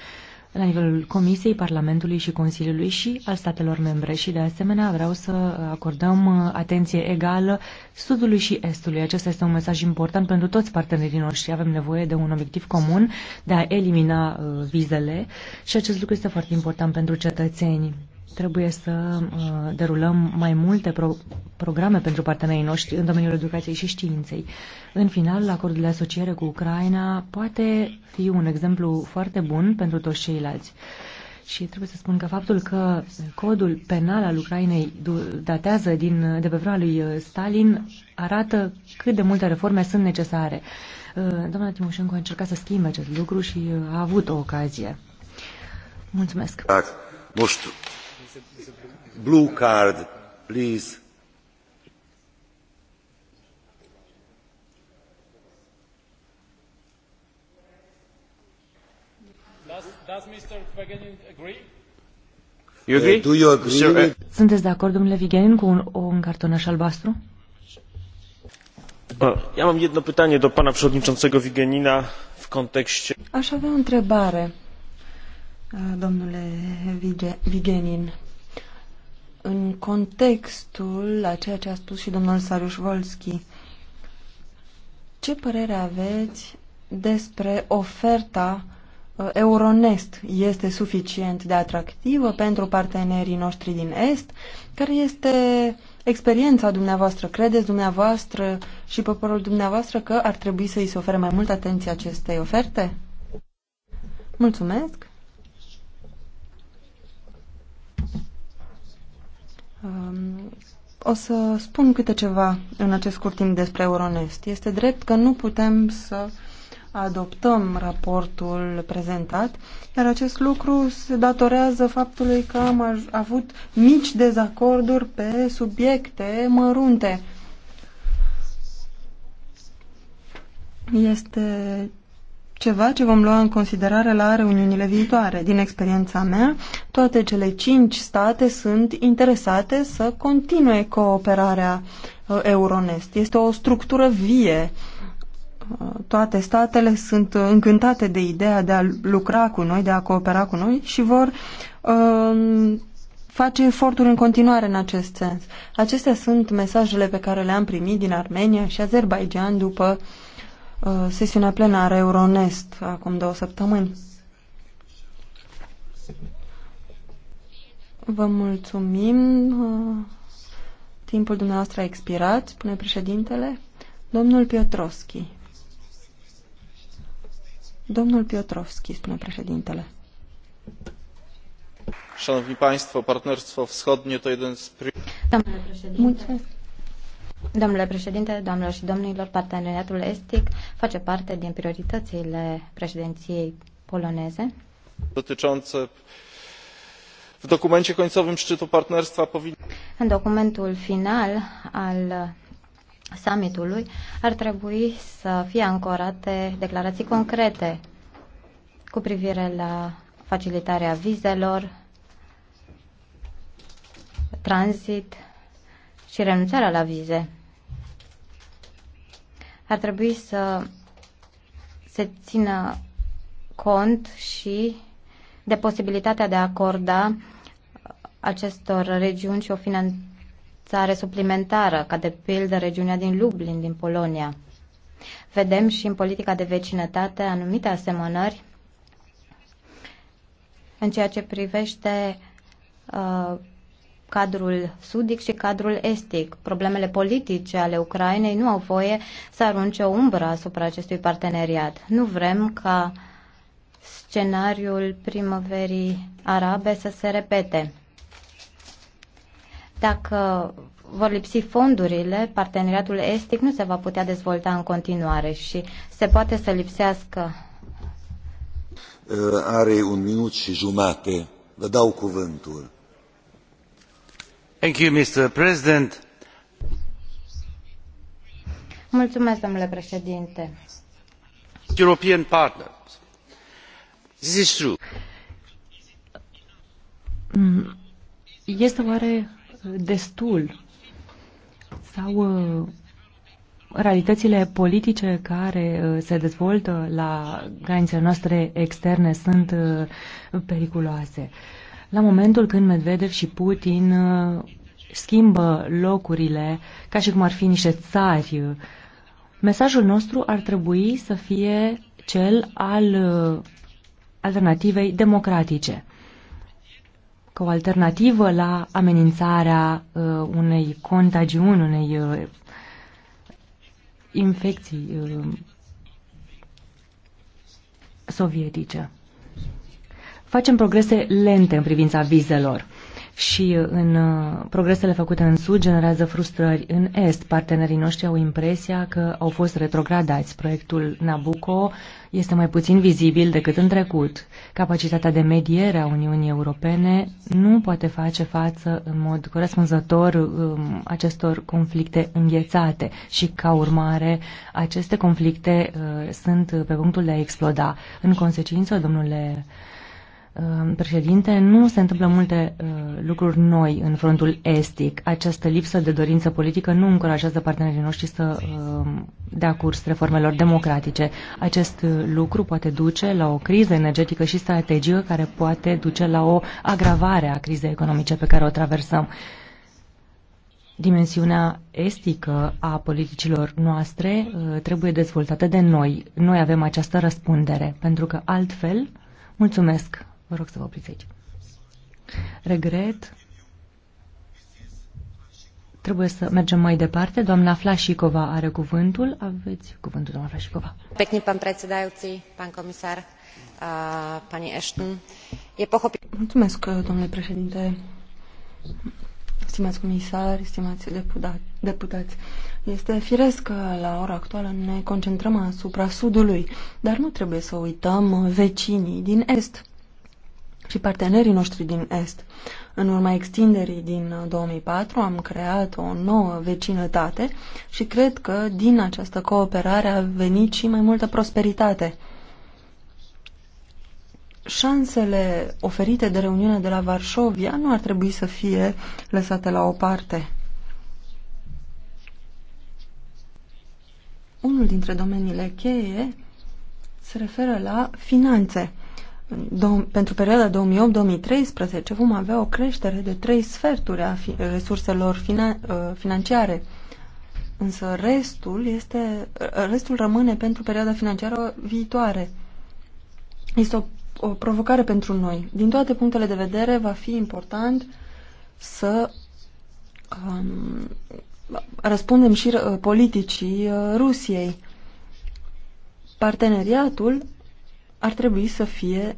la nivelul Comisiei, Parlamentului și Consiliului și al statelor membre și de asemenea vreau să acordăm uh, atenție egală Sudului și Estului. Acesta este un mesaj important pentru toți partenerii noștri. Avem nevoie de un obiectiv comun de a elimina uh, vizele și acest lucru este foarte important pentru cetățenii. Trebuie să uh, derulăm mai multe pro programe pentru partenerii noștri în domeniul educației și științei. În final, acordul de asociere cu Ucraina poate fi un exemplu foarte bun pentru toți ceilalți. Și trebuie să spun că faptul că codul penal al Ucrainei datează din, de pe vremea lui uh, Stalin arată cât de multe reforme sunt necesare. Uh, doamna Timoșenko a încercat să schimbe acest lucru și a avut o ocazie. Mulțumesc. Dacă, nu știu. Blue card, please. Does Mr. agree? You agree? Uh, do you agree? Sure. Sunteți de acord, domnule Vigenin, cu un, un cartonaș albastru? Uh, ja mam jedno pytanie do pana przewodniczącego Wigenina w kontekście... Aș avea o întrebare Domnule Vigenin, în contextul la ceea ce a spus și domnul Saruș Volski, ce părere aveți despre oferta Euronest? Este suficient de atractivă pentru partenerii noștri din Est? Care este experiența dumneavoastră? Credeți dumneavoastră și poporul dumneavoastră că ar trebui să îi se ofere mai mult atenție acestei oferte? Mulțumesc! Um, o să spun câte ceva în acest scurt timp despre Euronest. Este drept că nu putem să adoptăm raportul prezentat, iar acest lucru se datorează faptului că am avut mici dezacorduri pe subiecte mărunte. Este ceva ce vom lua în considerare la reuniunile viitoare. Din experiența mea, toate cele cinci state sunt interesate să continue cooperarea uh, Euronest. Este o structură vie. Uh, toate statele sunt încântate de ideea de a lucra cu noi, de a coopera cu noi și vor uh, face eforturi în continuare în acest sens. Acestea sunt mesajele pe care le-am primit din Armenia și Azerbaijan după uh, Uh, sesiunea plenară Euronest acum două săptămâni. Vă mulțumim. Uh, timpul dumneavoastră a expirat, spune președintele. Domnul Piotrowski. Domnul Piotrowski, spune președintele. Szanowni Państwo, partnerstwo wschodnie to jeden z... Mulțumesc. Domnule președinte, doamnelor și domnilor, parteneriatul estic face parte din prioritățile președinției poloneze. Dotyczące w dokumencie końcowym szczytu partnerstwa În documentul final al summitului ar trebui să fie ancorate declarații concrete cu privire la facilitarea vizelor, tranzit și renunțarea la vize ar trebui să se țină cont și de posibilitatea de a acorda acestor regiuni și o finanțare suplimentară, ca de pildă regiunea din Lublin, din Polonia. Vedem și în politica de vecinătate anumite asemănări în ceea ce privește uh, cadrul sudic și cadrul estic. Problemele politice ale Ucrainei nu au voie să arunce o umbră asupra acestui parteneriat. Nu vrem ca scenariul primăverii arabe să se repete. Dacă vor lipsi fondurile, parteneriatul estic nu se va putea dezvolta în continuare și se poate să lipsească. Uh, are un minut și jumate. Vă dau cuvântul. Mulțumesc, domnule președinte. European partners. This is true. Mm. Este oare destul sau uh, realitățile politice care uh, se dezvoltă la granițele noastre externe sunt uh, periculoase. La momentul când Medvedev și Putin schimbă locurile ca și cum ar fi niște țari. Mesajul nostru ar trebui să fie cel al uh, alternativei democratice, ca o alternativă la amenințarea uh, unei contagiuni, unei uh, infecții sovietice. Facem progrese lente în privința vizelor și uh, în uh, progresele făcute în Sud generează frustrări în Est. Partenerii noștri au impresia că au fost retrogradați. Proiectul Nabucco este mai puțin vizibil decât în trecut. Capacitatea de mediere a Uniunii Europene nu poate face față în mod corespunzător um, acestor conflicte înghețate și, ca urmare, aceste conflicte uh, sunt pe punctul de a exploda. În consecință, domnule Ehm, președinte, nu se întâmplă multe eh, lucruri noi în frontul estic. Această lipsă de dorință politică nu încurajează partenerii noștri să ehm, dea curs reformelor democratice. Acest eh, lucru poate duce la o criză energetică și strategică care poate duce la o agravare a crizei economice pe care o traversăm. Dimensiunea estică a politicilor noastre eh, trebuie dezvoltată de noi. Noi avem această răspundere, pentru că altfel, mulțumesc Vă rog să vă opriți aici. Regret. Trebuie să mergem mai departe. Doamna Flașicova are cuvântul. Aveți cuvântul, doamna Flașicova. Pekni, pan predsedajúci, pan comisar, pani Ashton. E pohopi... Mulțumesc, domnule președinte. Stimați comisari, stimați deputați, este firesc că la ora actuală ne concentrăm asupra Sudului, dar nu trebuie să uităm vecinii din Est și partenerii noștri din Est. În urma extinderii din 2004 uh, am creat o nouă vecinătate și cred că din această cooperare a venit și mai multă prosperitate. Șansele oferite de reuniunea de la Varșovia nu ar trebui să fie lăsate la o parte. Unul dintre domeniile cheie se referă la finanțe pentru perioada 2008-2013 vom avea o creștere de trei sferturi a fi, resurselor finan, uh, financiare. Însă restul, este, uh, restul rămâne pentru perioada financiară viitoare. Este o, o provocare pentru noi. Din toate punctele de vedere va fi important să um, răspundem și uh, politicii uh, Rusiei. Parteneriatul ar trebui să fie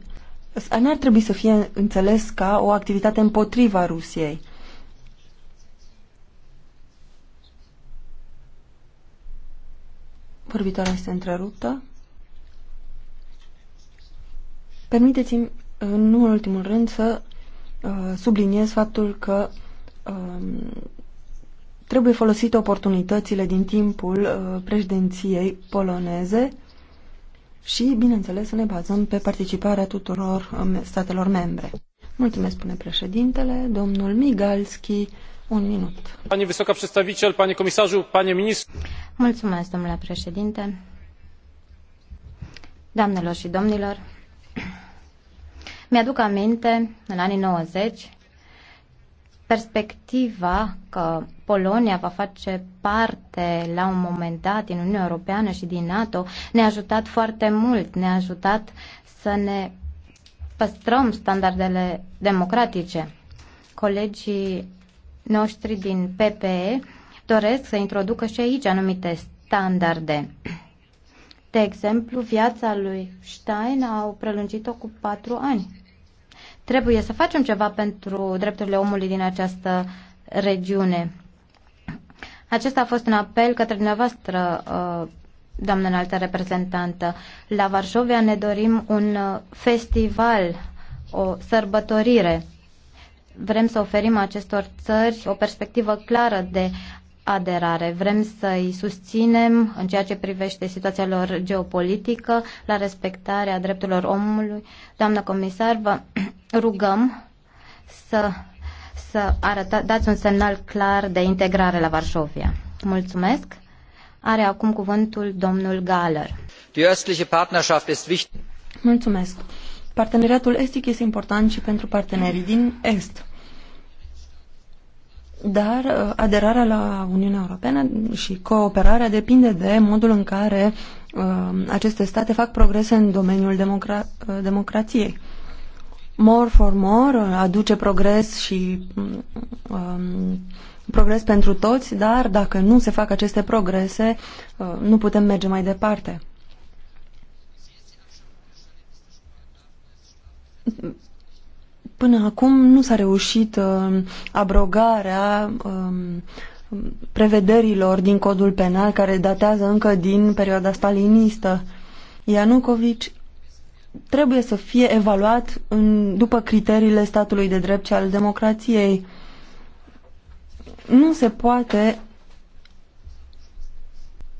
n-ar trebui să fie înțeles ca o activitate împotriva Rusiei. Vorbitoarea este întreruptă. Permiteți-mi, în ultimul rând, să uh, subliniez faptul că uh, trebuie folosite oportunitățile din timpul uh, președinției poloneze uh, și, bineînțeles, să ne bazăm pe participarea tuturor um, statelor membre. Mulțumesc, spune președintele, domnul Migalski, un minut. Pani visoka przedstawiciel, pani komisarzu, pani ministru. Mulțumesc, domnule președinte. Doamnelor și domnilor, mi-aduc aminte, în anii 90, perspectiva că Polonia va face parte la un moment dat din Uniunea Europeană și din NATO, ne-a ajutat foarte mult, ne-a ajutat să ne păstrăm standardele democratice. Colegii noștri din PPE doresc să introducă și aici anumite standarde. De exemplu, viața lui Stein au prelungit-o cu patru ani. Trebuie să facem ceva pentru drepturile omului din această regiune. Acesta a fost un apel către dumneavoastră, uh, doamnă înaltă reprezentantă. La Varșovia ne dorim un uh, festival, o sărbătorire. Vrem să oferim acestor țări o perspectivă clară de aderare. Vrem să-i susținem în ceea ce privește situația lor geopolitică, la respectarea drepturilor omului. Doamnă comisar, vă rugăm să să arăta, dați un semnal clar de integrare la Varșovia. Mulțumesc. Are acum cuvântul domnul Galer. Die östliche Partnerschaft ist wichtig. Mulțumesc. Parteneriatul estic este important și pentru partenerii din Est. Dar uh, aderarea la Uniunea Europeană și cooperarea depinde de modul în care uh, aceste state fac progrese în domeniul democra- uh, democrației. More for More aduce progres și um, progres pentru toți, dar dacă nu se fac aceste progrese, uh, nu putem merge mai departe. Până acum nu s-a reușit uh, abrogarea um, prevederilor din codul penal care datează încă din perioada stalinistă. Ianucovici trebuie să fie evaluat în, după criteriile statului de drept și al democrației. Nu se poate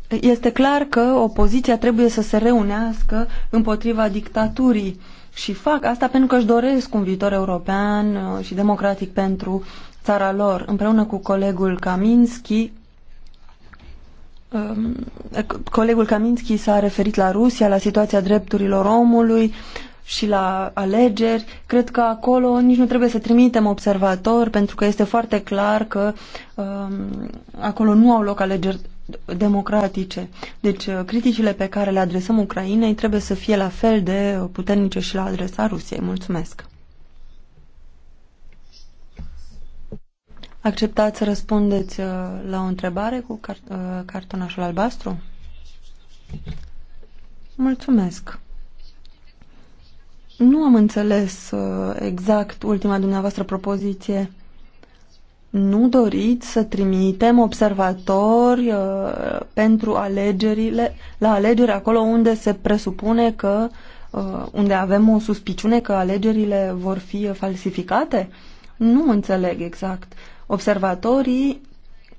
este clar că opoziția trebuie să se reunească împotriva dictaturii și fac asta pentru că își doresc un viitor european uh, și democratic pentru țara lor. Împreună cu colegul Kaminski Um, colegul Kaminski s-a referit la Rusia, la situația drepturilor omului și la alegeri. Cred că acolo nici nu trebuie să trimitem observatori, pentru că este foarte clar că um, acolo nu au loc alegeri democratice. Deci uh, criticile pe care le adresăm Ucrainei trebuie să fie la fel de puternice și la adresa Rusiei. Mulțumesc! Acceptați să răspundeți uh, la o întrebare cu uh, cartonașul albastru? Mulțumesc. Nu am înțeles uh, exact ultima dumneavoastră propoziție. Nu doriți să trimitem observatori pentru alegerile, la alegeri acolo unde se presupune că, unde avem o suspiciune că alegerile vor fi falsificate? Nu înțeleg exact. Observatorii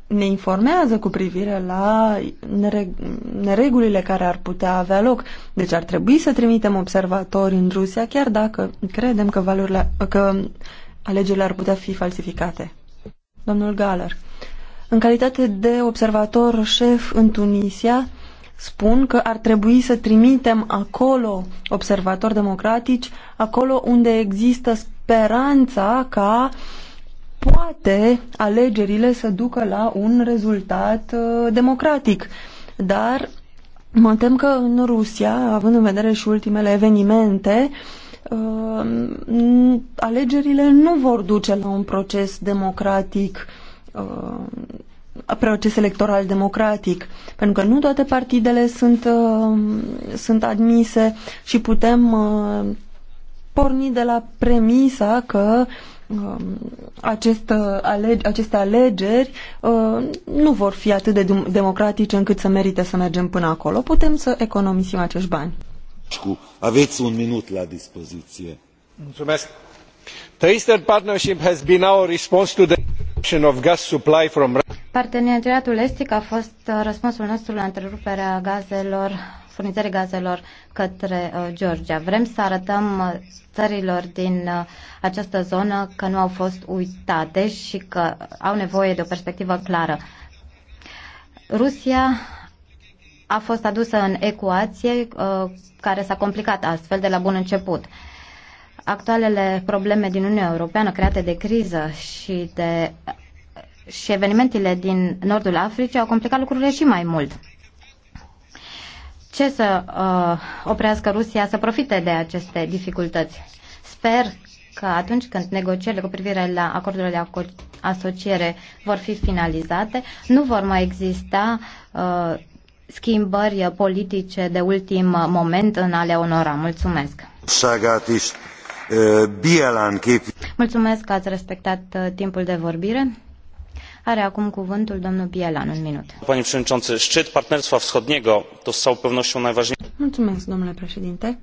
ne informează cu privire la neregulile care ar putea avea loc. Deci ar trebui să trimitem observatori în Rusia, chiar dacă credem că, valorile, că alegerile ar putea fi falsificate. Domnul Galer, în calitate de observator șef în Tunisia, spun că ar trebui să trimitem acolo observatori democratici, acolo unde există speranța ca uh, poate alegerile să ducă la un rezultat uh, democratic. Dar mă tem că în Rusia, având în vedere și ultimele evenimente, uh, alegerile nu vor duce la un proces democratic uh, proces electoral democratic, pentru că nu toate partidele sunt, sunt admise și putem porni de la premisa că Um, acest, uh, alege, aceste alegeri uh, nu vor fi atât de democratice încât să merite să mergem până acolo. Putem să economisim acești bani. Aveți un minut la dispoziție. Mulțumesc. The Eastern Partnership has been our response to the of gas supply from Russia. Parteneriatul estic a fost uh, răspunsul nostru la întreruperea gazelor, furnizării gazelor către uh, Georgia. Vrem să arătăm uh, țărilor din această zonă că nu au fost uitate și că au nevoie de o perspectivă clară. Rusia a fost adusă în ecuație care s-a complicat astfel de la bun început. Actualele probleme din Uniunea Europeană create de criză și de și evenimentele din nordul Africii au complicat lucrurile și mai mult. Ce să uh, oprească Rusia să profite de aceste dificultăți? Sper că atunci când negocierile cu privire la acordurile de asociere vor fi finalizate, nu vor mai exista uh, schimbări politice de ultim moment în ale onora. Mulțumesc! Uh, Mulțumesc că ați respectat uh, timpul de vorbire. Are acum cuvântul domnul Bielan, un minut. Panie președinte, szczyt partnerstwa wschodniego to z całą pewnością najważniejszy. Mulțumesc, domnule președinte.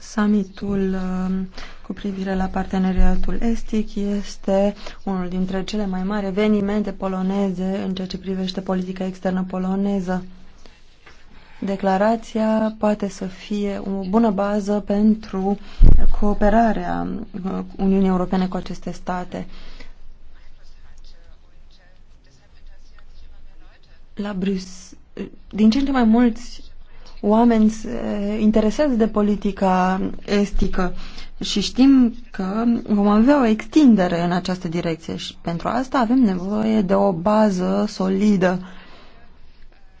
Summitul um, cu privire la parteneriatul estic este unul dintre cele mai mari evenimente poloneze în ceea ce privește politica externă poloneză. Declarația poate să fie o bună bază pentru cooperarea uh, Uniunii Europene cu aceste state. la Bruxelles, din ce în ce mai mulți oameni se interesează de politica estică și știm că vom avea o extindere în această direcție și pentru asta avem nevoie de o bază solidă.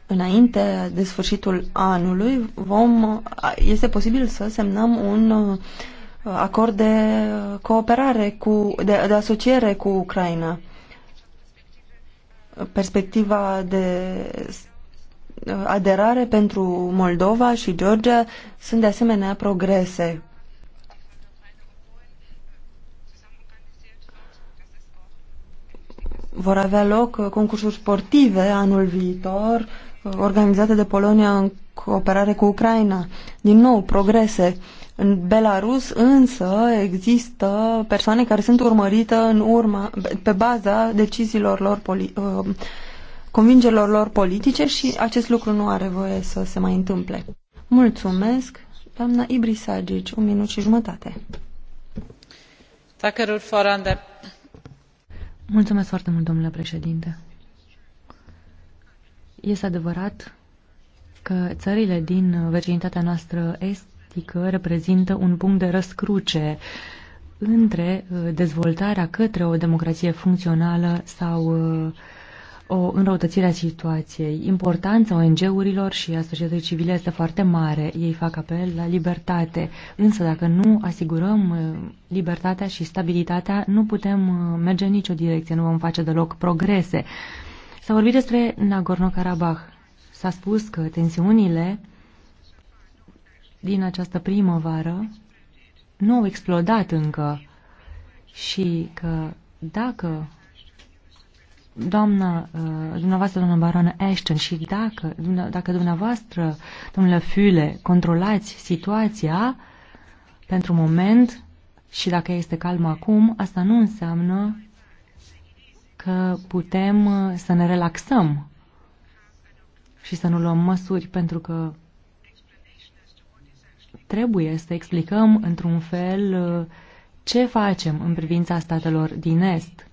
Înainte de sfârșitul anului vom, este posibil să semnăm un uh, acord de cooperare cu, de, de asociere cu Ucraina perspectiva de aderare pentru Moldova și Georgia sunt de asemenea progrese. Vor avea loc concursuri sportive anul viitor, organizate de Polonia în cooperare cu Ucraina. Din nou, progrese. În Belarus însă există persoane care sunt urmărite în urma, pe baza deciziilor lor poli, uh, convingerilor lor politice și acest lucru nu are voie să se mai întâmple. Mulțumesc, doamna Ibrisagici, un minut și jumătate. Mulțumesc foarte mult, domnule președinte. Este adevărat că țările din vecinătatea noastră est practică reprezintă un punct de răscruce între uh, dezvoltarea către o democrație funcțională sau uh, o înrăutățire a situației. Importanța ONG-urilor și a societății civile este foarte mare. Ei fac apel la libertate. Însă dacă nu asigurăm uh, libertatea și stabilitatea, nu putem merge în nicio direcție, nu vom face deloc progrese. S-a vorbit despre Nagorno-Karabakh. S-a spus că tensiunile din această primăvară nu au explodat încă și că dacă doamna, uh, dumneavoastră, doamna baroană Ashton, și dacă, dacă dumneavoastră, domnule Fule, controlați situația pentru moment și dacă este calm acum, asta nu înseamnă că putem uh, să ne relaxăm și să nu luăm măsuri, pentru că trebuie să explicăm într-un fel uh, ce facem în privința statelor din Est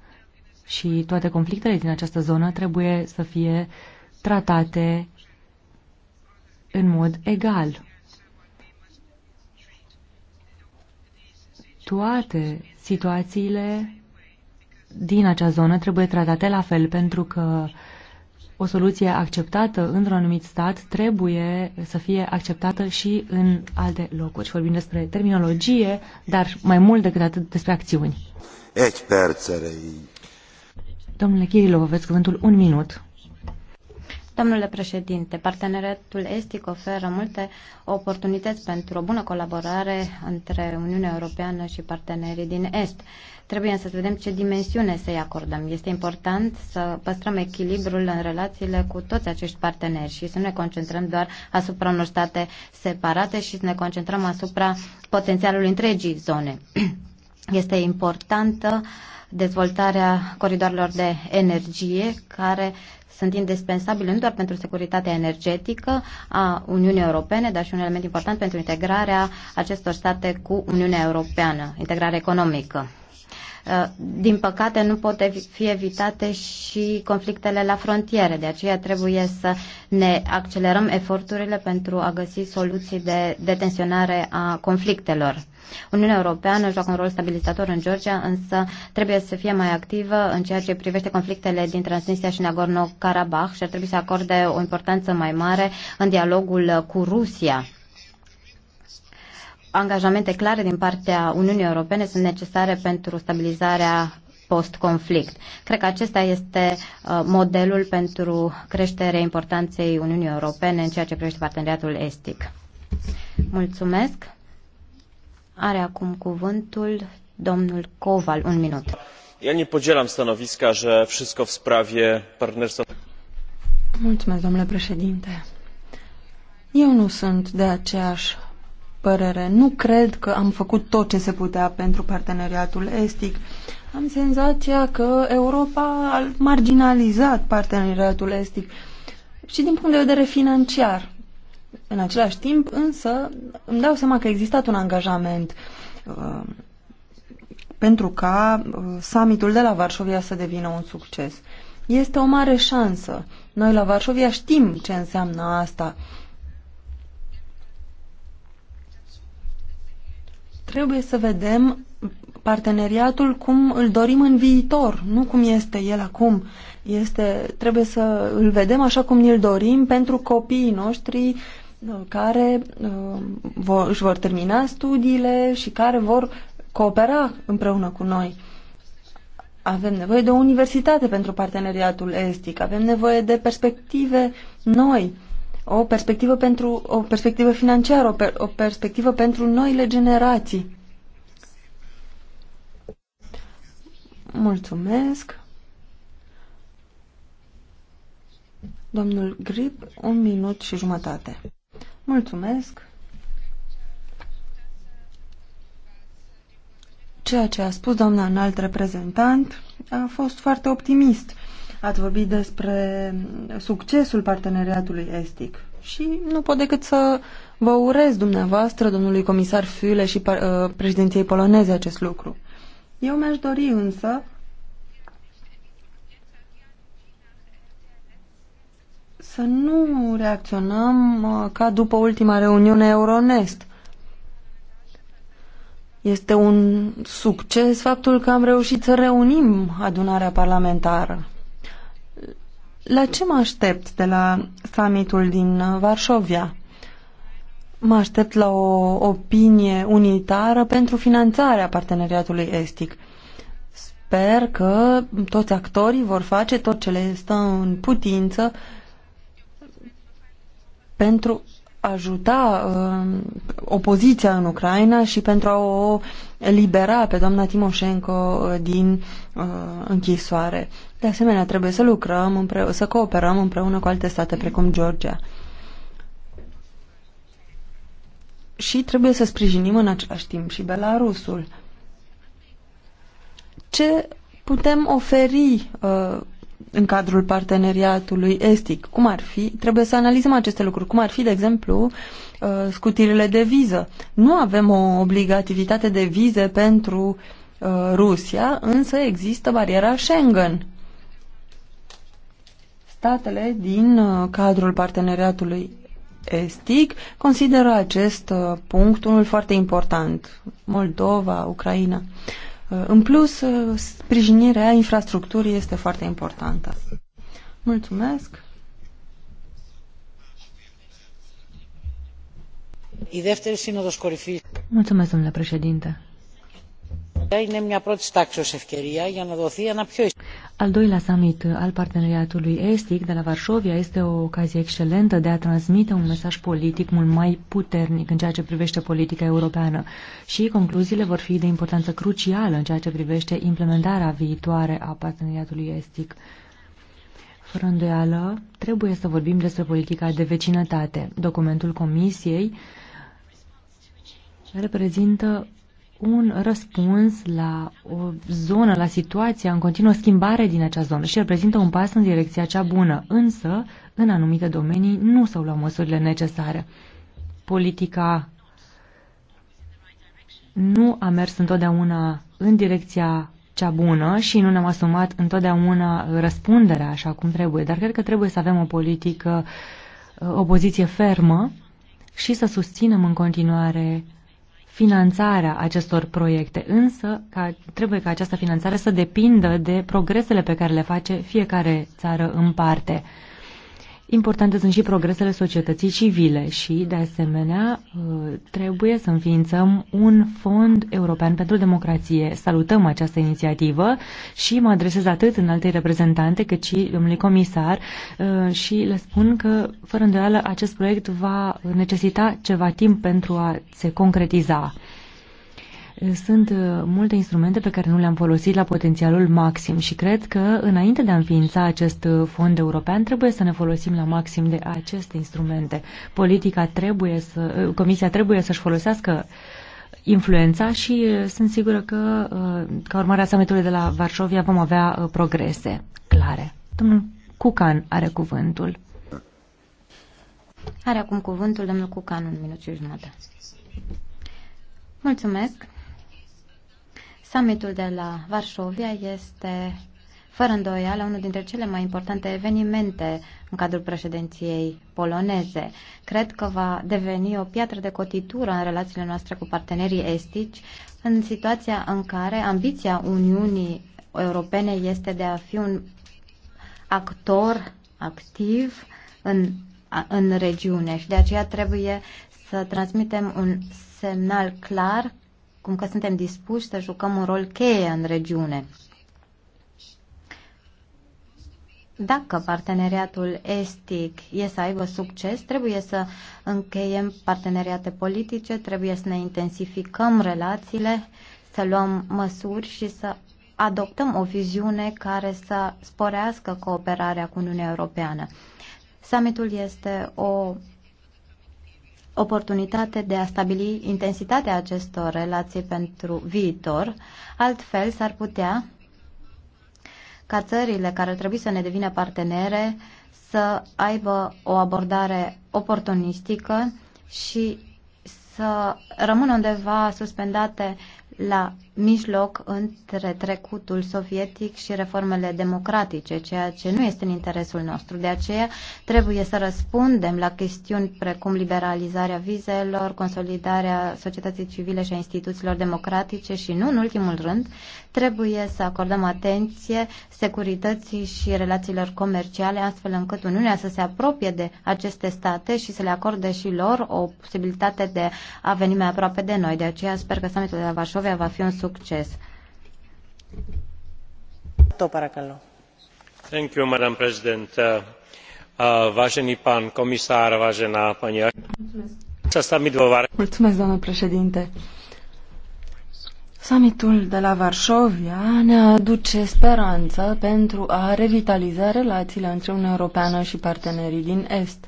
și toate conflictele din această zonă trebuie să fie tratate în mod egal. Toate situațiile din acea zonă trebuie tratate la fel pentru că uh, o soluție acceptată într-un anumit stat trebuie să fie acceptată și în alte locuri. Și vorbim despre terminologie, dar mai mult decât atât despre acțiuni. Domnule Kirilov, aveți cuvântul un minut. Domnule președinte, parteneriatul estic oferă multe oportunități pentru o bună colaborare între Uniunea Europeană și partenerii din Est. Trebuie însă să vedem ce dimensiune să-i acordăm. Este important să păstrăm echilibrul în relațiile cu toți acești parteneri și să ne concentrăm doar asupra unor state separate și să ne concentrăm asupra potențialului întregii zone. Este importantă dezvoltarea coridoarelor de energie care sunt indispensabile nu doar pentru securitatea energetică a Uniunii Europene, dar și un element important pentru integrarea acestor state cu Uniunea Europeană, integrarea economică. Uh, din păcate, nu pot fi evitate și conflictele la frontiere, de aceea trebuie să ne accelerăm eforturile pentru a găsi soluții de detenționare a conflictelor. Uniunea Europeană joacă un rol stabilizator în Georgia, însă trebuie să fie mai activă în ceea ce privește conflictele din Transnistria și Nagorno-Karabakh și ar trebui să acorde o importanță mai mare în dialogul cu Rusia angajamente clare din partea Uniunii Europene sunt necesare pentru stabilizarea post-conflict. Cred că acesta este uh, modelul pentru creșterea importanței Uniunii Europene în ceea ce privește parteneriatul estic. Mulțumesc. Are acum cuvântul domnul Coval, un minut. Ja nie podzielam stanowiska, że wszystko w sprawie partnerstwa. Mulțumesc, domnule președinte. Eu nu sunt de aceeași părere. Nu cred că am făcut tot ce se putea pentru parteneriatul estic. Am senzația că Europa a marginalizat parteneriatul estic și din punct de vedere financiar. În același timp, însă, îmi dau seama că a existat un angajament uh, pentru ca uh, summitul de la Varșovia să devină un succes. Este o mare șansă. Noi la Varșovia știm ce înseamnă asta. Uh, Trebuie să vedem parteneriatul cum îl dorim în viitor, nu cum este el acum. Este, trebuie să îl vedem așa cum îl dorim pentru copiii noștri uh, care uh, vor, își vor termina studiile și care vor coopera împreună cu noi. Avem nevoie de o universitate pentru parteneriatul estic, avem nevoie de perspective noi o perspectivă, pentru, o perspectivă financiară, o, per, o perspectivă pentru noile generații. Mulțumesc. Domnul Grip, un minut și jumătate. Mulțumesc. Ceea ce a spus doamna înalt reprezentant a fost foarte optimist Ați vorbit despre succesul parteneriatului estic și nu pot decât să vă urez dumneavoastră, domnului comisar Fiule și uh, președinției poloneze acest lucru. Eu mi-aș dori însă să nu reacționăm uh, ca după ultima reuniune Euronest. Este un succes faptul că am reușit să reunim adunarea parlamentară. La ce mă aștept de la summitul din Varșovia? Mă aștept la o opinie unitară pentru finanțarea parteneriatului estic. Sper că toți actorii vor face tot ce le stă în putință pentru a ajuta uh, opoziția în Ucraina și pentru a o elibera pe doamna Timoșenko uh, din uh, închisoare. De asemenea, trebuie să lucrăm, împreună, să cooperăm împreună cu alte state precum Georgia. Și trebuie să sprijinim în același timp și Belarusul. Ce putem oferi uh, în cadrul parteneriatului estic? Cum ar fi? Trebuie să analizăm aceste lucruri. Cum ar fi, de exemplu, uh, scutirile de viză? Nu avem o obligativitate de vize pentru uh, Rusia, însă există bariera Schengen statele din uh, cadrul parteneriatului estic consideră acest uh, punct unul foarte important. Moldova, Ucraina. Uh, în plus, sprijinirea infrastructurii este foarte importantă. Mulțumesc! Mulțumesc, domnule președinte. Al doilea summit al parteneriatului estic de la Varșovia este o ocazie excelentă de a transmite un mesaj politic mult mai puternic în ceea ce privește politica europeană și concluziile vor fi de importanță crucială în ceea ce privește implementarea viitoare a parteneriatului estic. Fără îndoială, trebuie să vorbim despre politica de vecinătate. Documentul Comisiei reprezintă un răspuns la o zonă, la situația în continuă schimbare din acea zonă și reprezintă un pas în direcția cea bună, însă în anumite domenii nu s-au luat măsurile necesare. Politica nu a mers întotdeauna în direcția cea bună și nu ne-am asumat întotdeauna răspunderea așa cum trebuie, dar cred că trebuie să avem o politică, o poziție fermă și să susținem în continuare finanțarea acestor proiecte, însă ca, trebuie ca această finanțare să depindă de progresele pe care le face fiecare țară în parte. Importante sunt și progresele societății civile și, de asemenea, uh, trebuie să înființăm un fond european pentru democrație. Salutăm această inițiativă și mă adresez atât în alte reprezentante cât și domnului comisar uh, și le spun că, fără îndoială, acest proiect va necesita ceva timp pentru a se concretiza. Sunt uh, multe instrumente pe care nu le-am folosit la potențialul maxim și cred că înainte de a înființa acest uh, fond european trebuie să ne folosim la maxim de aceste instrumente. Politica trebuie să, uh, Comisia trebuie să-și folosească influența și sunt sigură că ca urmare a summitului de la Varșovia vom avea progrese clare. Domnul Cucan are cuvântul. Are acum cuvântul domnul Cucan, un minut și jumătate. Mulțumesc. Summitul de la Varșovia este, fără îndoială, unul dintre cele mai importante evenimente în cadrul președinției poloneze. Cred că va deveni o piatră de cotitură în relațiile noastre cu partenerii estici, în situația în care ambiția Uniunii Europene este de a fi un actor activ în, în regiune și de aceea trebuie să transmitem un semnal clar cum că suntem dispuși să jucăm un rol cheie în regiune. Dacă parteneriatul estic e să aibă succes, trebuie să încheiem parteneriate politice, trebuie să ne intensificăm relațiile, să luăm măsuri și să adoptăm o viziune care să sporească cooperarea cu Uniunea Europeană. Summitul este o oportunitate de a stabili intensitatea acestor relații pentru viitor. Altfel, s-ar putea ca țările care ar trebui să ne devină partenere să aibă o abordare oportunistică și să rămână undeva suspendate la mijloc între trecutul sovietic și reformele democratice, ceea ce nu este în interesul nostru. De aceea trebuie să răspundem la chestiuni precum liberalizarea vizelor, consolidarea societății civile și a instituțiilor democratice și, nu în ultimul rând, trebuie să acordăm atenție securității și relațiilor comerciale, astfel încât Uniunea să se apropie de aceste state și să le acorde și lor o posibilitate de a veni mai aproape de noi. De aceea sper că summitul de la Varsovia va fi un succes. Vážený pán komisár, vážená pani... Mulțumesc, doamnă președinte. Summitul de la Varșovia ne aduce speranță pentru a revitaliza relațiile între Uniunea Europeană și partenerii din Est.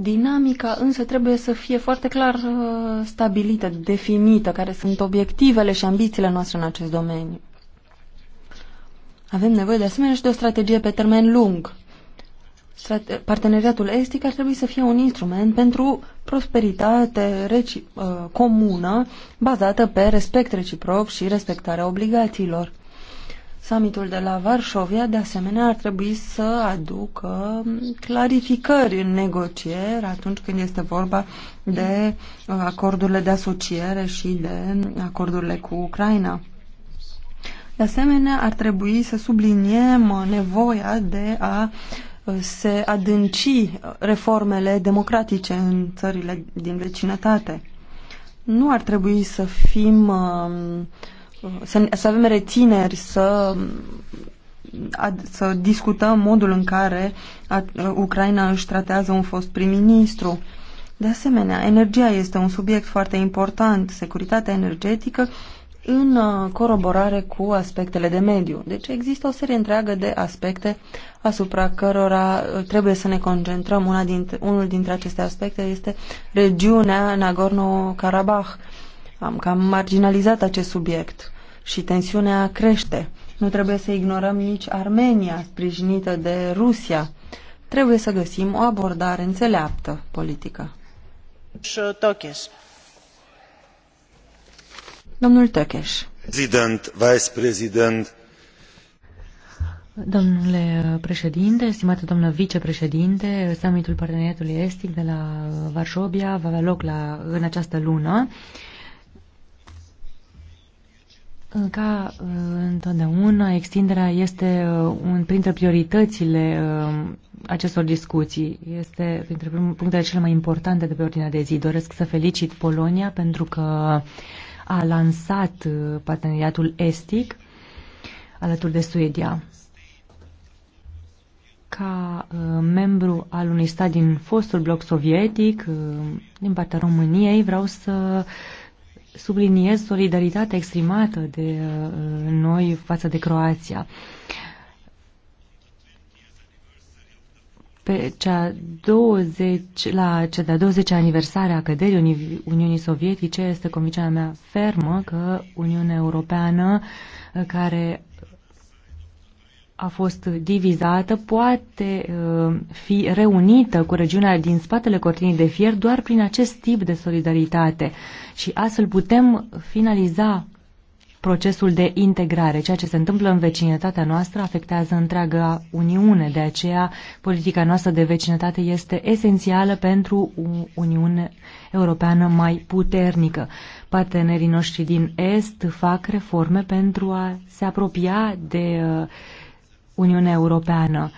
Dinamica însă trebuie să fie foarte clar uh, stabilită, definită, care sunt obiectivele și ambițiile noastre în acest domeniu. Avem nevoie de asemenea și de o strategie pe termen lung. Parteneriatul estic ar trebui să fie un instrument pentru prosperitate reci, uh, comună bazată pe respect reciproc și respectarea obligațiilor. Summitul de la Varșovia, de asemenea, ar trebui să aducă clarificări în negocieri atunci când este vorba de uh, acordurile de asociere și de acordurile cu Ucraina. De asemenea, ar trebui să subliniem nevoia de a uh, se adânci reformele democratice în țările din vecinătate. Nu ar trebui să fim uh, să, să avem rețineri, să, să discutăm modul în care Ucraina își tratează un fost prim-ministru. De asemenea, energia este un subiect foarte important, securitatea energetică, în uh, coroborare cu aspectele de mediu. Deci există o serie întreagă de aspecte asupra cărora uh, trebuie să ne concentrăm. Una dintre, unul dintre aceste aspecte este regiunea Nagorno-Karabakh am cam marginalizat acest subiect și tensiunea crește. Nu trebuie să ignorăm nici Armenia, sprijinită de Rusia. Trebuie să găsim o abordare înțeleaptă politică. Domnul Tăcheș. President, vice prezident. Domnule președinte, stimate domnă vicepreședinte, summitul parteneriatului estic de la Varșovia va avea loc la, în această lună. Uh, ca uh, întotdeauna, extinderea este uh, un, printre prioritățile uh, acestor discuții. Este printre punctele cele mai importante de pe ordinea de zi. Doresc să felicit Polonia pentru că a lansat parteneriatul estic alături de Suedia. Ca membru al unui stat din fostul bloc sovietic, din partea României, vreau să subliniez solidaritatea exprimată de uh, noi față de Croația. Pe cea 20, la cea de-a 20 aniversare a căderii Uni Uniunii Sovietice este convingerea mea fermă că Uniunea Europeană uh, care a fost divizată poate uh, fi reunită cu regiunea din spatele cortinii de fier doar prin acest tip de solidaritate și astfel putem finaliza procesul de integrare. Ceea ce se întâmplă în vecinătatea noastră afectează întreaga Uniune, de aceea politica noastră de vecinătate este esențială pentru o Uniune Europeană mai puternică. Partenerii noștri din Est fac reforme pentru a se apropia de uh, Uniunea Europeană.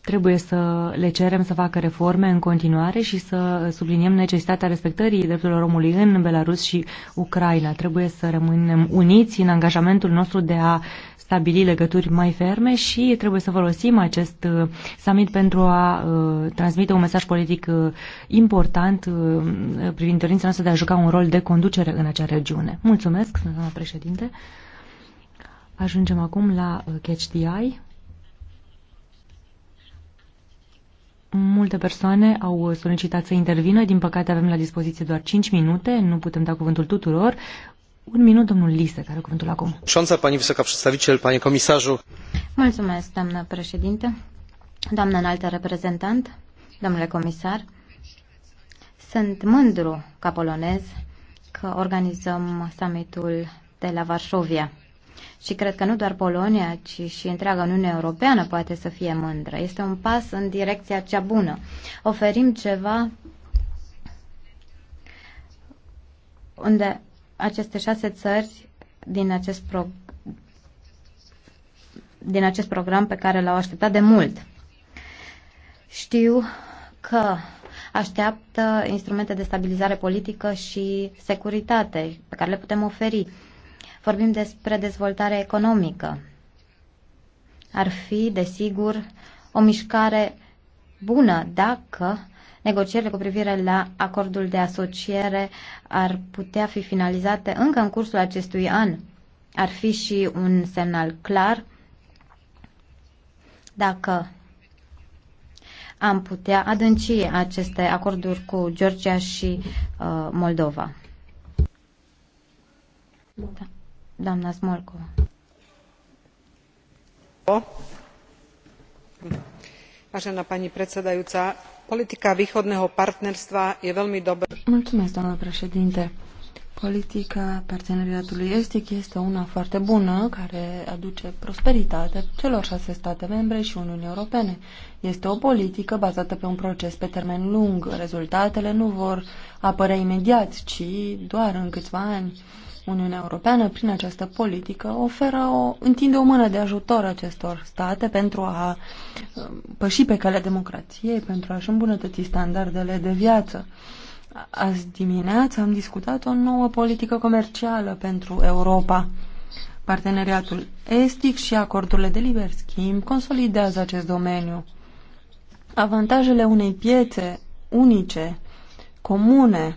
Trebuie să le cerem să facă reforme în continuare și să subliniem necesitatea respectării drepturilor omului în Belarus și Ucraina. Trebuie să rămânem uniți în angajamentul nostru de a stabili legături mai ferme și trebuie să folosim acest uh, summit pentru a uh, transmite un mesaj politic uh, important privind dorința noastră de a juca un rol de conducere în acea regiune. Mulțumesc, doamna președinte. Ajungem acum la Catch the Eye. Multe persoane au solicitat să intervină. Din păcate avem la dispoziție doar 5 minute. Nu putem da cuvântul tuturor. Un minut, domnul Lise, care cuvântul acum. Șanța, pani visoca președintele, pani comisarul. Mulțumesc, doamnă președinte, doamnă înaltă reprezentant, domnule comisar. Sunt mândru ca polonez că organizăm summitul de la Varșovia și cred că nu doar Polonia, ci și întreaga Uniune Europeană poate să fie mândră. Este un pas în direcția cea bună. Oferim ceva unde aceste șase țări din acest, pro- din acest program pe care l-au așteptat de mult. Știu că așteaptă instrumente de stabilizare politică și securitate pe care le putem oferi. Vorbim despre dezvoltare economică. Ar fi, desigur, o mișcare bună dacă negocierile cu privire la acordul de asociere ar putea fi finalizate încă în cursul acestui an. Ar fi și un semnal clar dacă am putea adânci aceste acorduri cu Georgia și uh, Moldova. Da. Doamna Smolkova. Vážená pani predsedajúca, politika východného partnerstva je veľmi dobrá. Mulțumesc, doamnă președinte. Politica parteneriatului estic este una foarte bună, care aduce prosperitate celor șase state membre și Uniunii Europene. Este o politică bazată pe un proces pe termen lung. Rezultatele nu vor apărea imediat, ci doar în câțiva ani. Uniunea Europeană, prin această politică, oferă o, întinde o mână de ajutor acestor state pentru a um, păși pe calea democrației, pentru a-și îmbunătăți standardele de viață. Azi dimineață am discutat o nouă politică comercială pentru Europa. Parteneriatul estic și acordurile de liber schimb consolidează acest domeniu. Avantajele unei piețe unice, comune,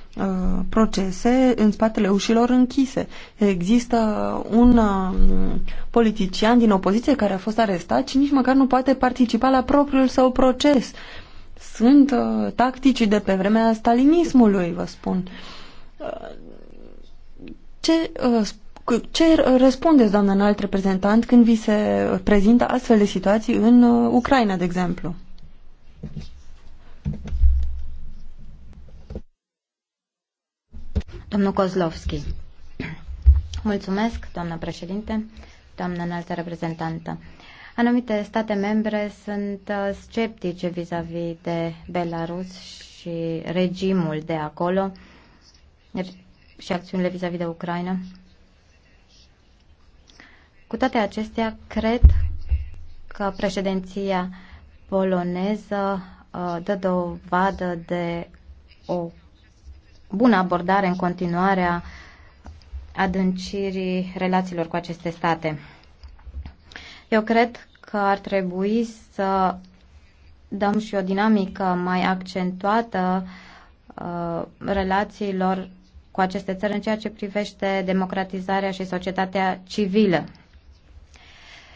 Uh, procese în spatele ușilor închise. Există un um, politician din opoziție care a fost arestat și nici măcar nu poate participa la propriul său proces. Sunt uh, tactici de pe vremea stalinismului, vă spun. Uh, ce, ce răspundeți, doamnă înalt reprezentant, când vi se prezintă astfel de situații în Ucraina, de exemplu? Domnul Kozlovski. Mulțumesc, doamnă președinte, doamnă înaltă reprezentantă. Anumite state membre sunt uh, sceptice vis-a-vis de Belarus și regimul de acolo și acțiunile vis a -vis de Ucraina. Cu toate acestea, cred că președinția poloneză uh, dă dovadă de o bună abordare în continuarea adâncirii relațiilor cu aceste state. Eu cred că ar trebui să dăm și o dinamică mai accentuată uh, relațiilor cu aceste țări în ceea ce privește democratizarea și societatea civilă.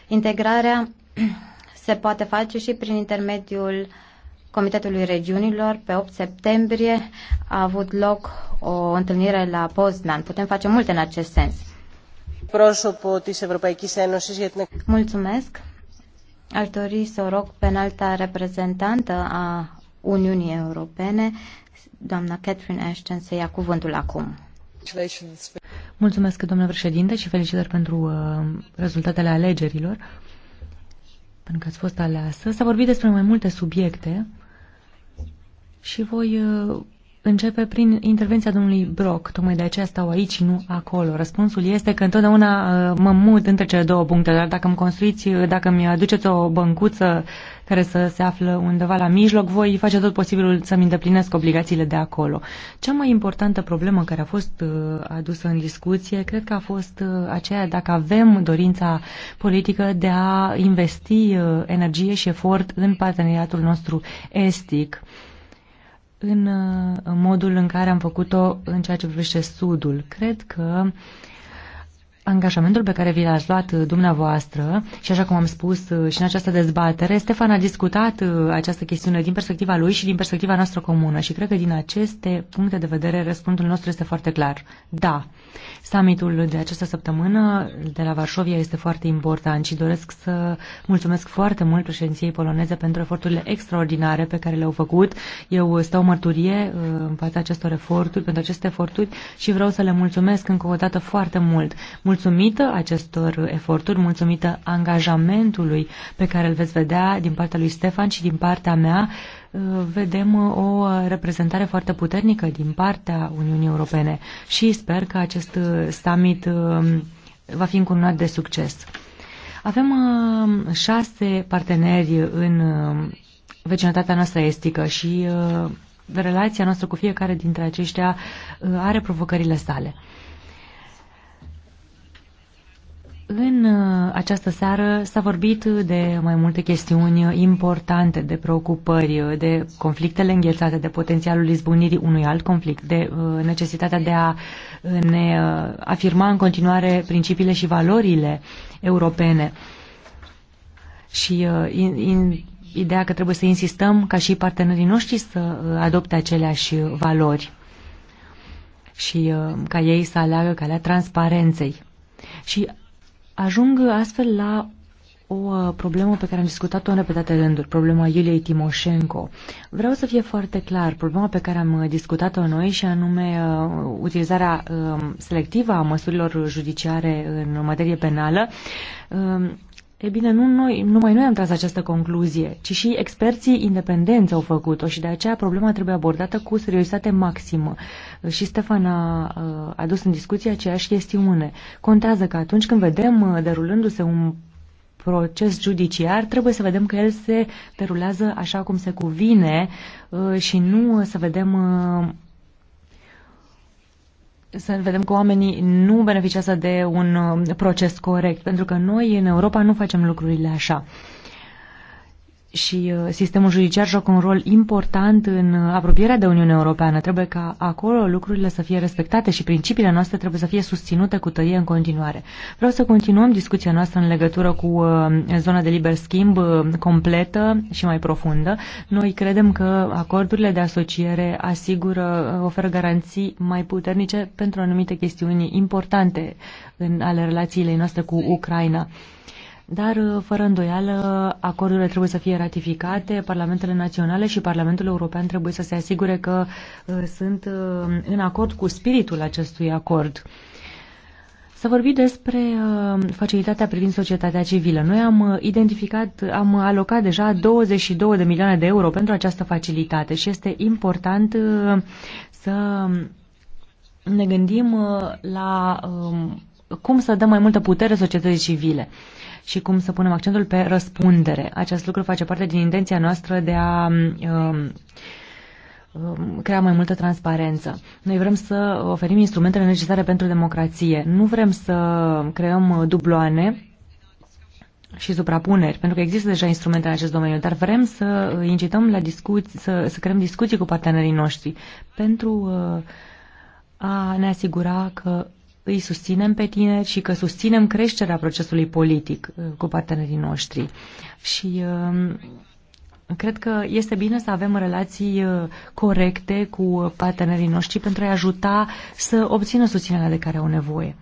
Integrarea se poate face și prin intermediul uh, Comitetului Regiunilor. Pe 8 septembrie a avut loc o întâlnire la Poznan. Putem face multe în acest sens. Mulțumesc. Aș dori să o rog pe înalta reprezentantă a Uniunii Europene, doamna Catherine Ashton, să ia cuvântul acum. Mulțumesc, domnule președinte, și felicitări pentru uh, rezultatele alegerilor, pentru că ați fost aleasă. S-a vorbit despre mai multe subiecte și voi uh, începe prin intervenția domnului Brock. Tocmai de aceea stau aici și nu acolo. Răspunsul este că întotdeauna uh, mă mut între cele două puncte, dar dacă îmi construiți, uh, dacă mi aduceți o băncuță care să se află undeva la mijloc, voi face tot posibilul să-mi îndeplinesc obligațiile de acolo. Cea mai importantă problemă care a fost adusă în discuție, cred că a fost aceea dacă avem dorința politică de a investi energie și efort în parteneriatul nostru estic în modul în care am făcut-o în ceea ce privește Sudul. Cred că angajamentul pe care vi l-ați luat uh, dumneavoastră și așa cum am spus uh, și în această dezbatere, Stefan a discutat uh, această chestiune din perspectiva lui și din perspectiva noastră comună și cred că din aceste puncte de vedere răspunsul nostru este foarte clar. Da, summitul de această săptămână de la Varșovia este foarte important și doresc să mulțumesc foarte mult președinției poloneze pentru eforturile extraordinare pe care le-au făcut. Eu stau mărturie în fața acestor eforturi, pentru aceste eforturi și vreau să le mulțumesc încă o dată foarte mult. Mulțumesc Mulțumită acestor eforturi, mulțumită angajamentului pe care îl veți vedea din partea lui Stefan și din partea mea, uh, vedem o reprezentare foarte puternică din partea Uniunii Europene și sper că acest summit uh, va fi încununat de succes. Avem uh, șase parteneri în vecinătatea noastră estică și relația noastră cu fiecare dintre aceștia are provocările sale. În uh, această seară s-a vorbit de mai multe chestiuni importante, de preocupări, uh, de conflictele înghețate, de potențialul izbunirii unui alt conflict, de uh, necesitatea de a ne afirma în continuare principiile și valorile europene și in, in, ideea că trebuie să insistăm ca și partenerii noștri să adopte aceleași valori și ca ei să aleagă calea transparenței. Și Ajung astfel la o uh, problemă pe care am discutat-o în repetate rânduri, problema Iuliei Timoșenko. Vreau să fie foarte clar, problema pe care am uh, discutat-o noi și anume uh, utilizarea uh, selectivă a măsurilor judiciare în materie penală uh, E bine, nu noi, numai noi am tras această concluzie, ci și experții independenți au făcut-o și de aceea problema trebuie abordată cu seriozitate maximă. Și Stefan uh, a adus în discuție aceeași chestiune. Contează că atunci când vedem uh, derulându-se un proces judiciar, trebuie să vedem că el se derulează așa cum se cuvine uh, și nu să vedem să vedem că oamenii nu beneficiază de un um, proces corect, pentru că noi în Europa nu facem lucrurile așa și uh, sistemul judiciar joacă un rol important în uh, apropierea de Uniunea Europeană. Trebuie ca acolo lucrurile să fie respectate și principiile noastre trebuie să fie susținute cu tărie în continuare. Vreau să continuăm discuția noastră în legătură cu uh, zona de liber schimb completă și mai profundă. Noi credem că acordurile de asociere asigură, oferă garanții mai puternice pentru anumite chestiuni importante în ale relațiilor noastre cu Ucraina. Uh, dar, uh, fără îndoială, acordurile trebuie să fie ratificate, parlamentele naționale și Parlamentul European trebuie să se asigure că uh, sunt uh, în acord cu spiritul acestui acord. S-a vorbit despre facilitatea privind societatea civilă. Noi am identificat, am alocat deja 22 de milioane de euro pentru această facilitate și este important să ne gândim la um, cum să dăm mai multă putere societății civile și cum să punem accentul pe răspundere. Acest lucru face parte din intenția noastră de a um, um, crea mai multă transparență. Noi vrem să oferim instrumentele necesare pentru democrație. Nu vrem să creăm dubloane și suprapuneri, pentru că există deja instrumente în acest domeniu, dar vrem să incităm la discuții, să, să creăm discuții cu partenerii noștri pentru uh, a ne asigura că îi susținem pe tineri și că susținem creșterea procesului politic uh, cu partenerii noștri. Și um, cred că este bine să avem relații uh, corecte cu partenerii noștri pentru a-i ajuta să obțină susținerea de care au nevoie.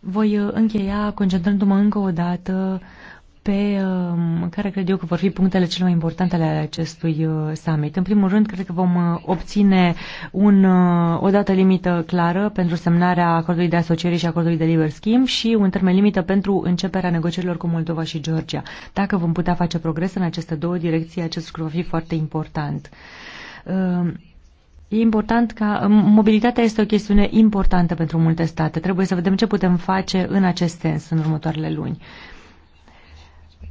Voi uh, încheia concentrându-mă încă o dată pe um, care cred eu că vor fi punctele cele mai importante ale acestui uh, summit. În primul rând, cred că vom uh, obține un, uh, o dată limită clară pentru semnarea acordului de asociere și acordului de liber schimb și un termen limită pentru începerea negocierilor cu Moldova și Georgia. Dacă vom putea face progres în aceste două direcții, acest lucru va fi foarte important. Um, e important ca um, mobilitatea este o chestiune importantă pentru multe state. Trebuie să vedem ce putem face în acest sens în următoarele luni.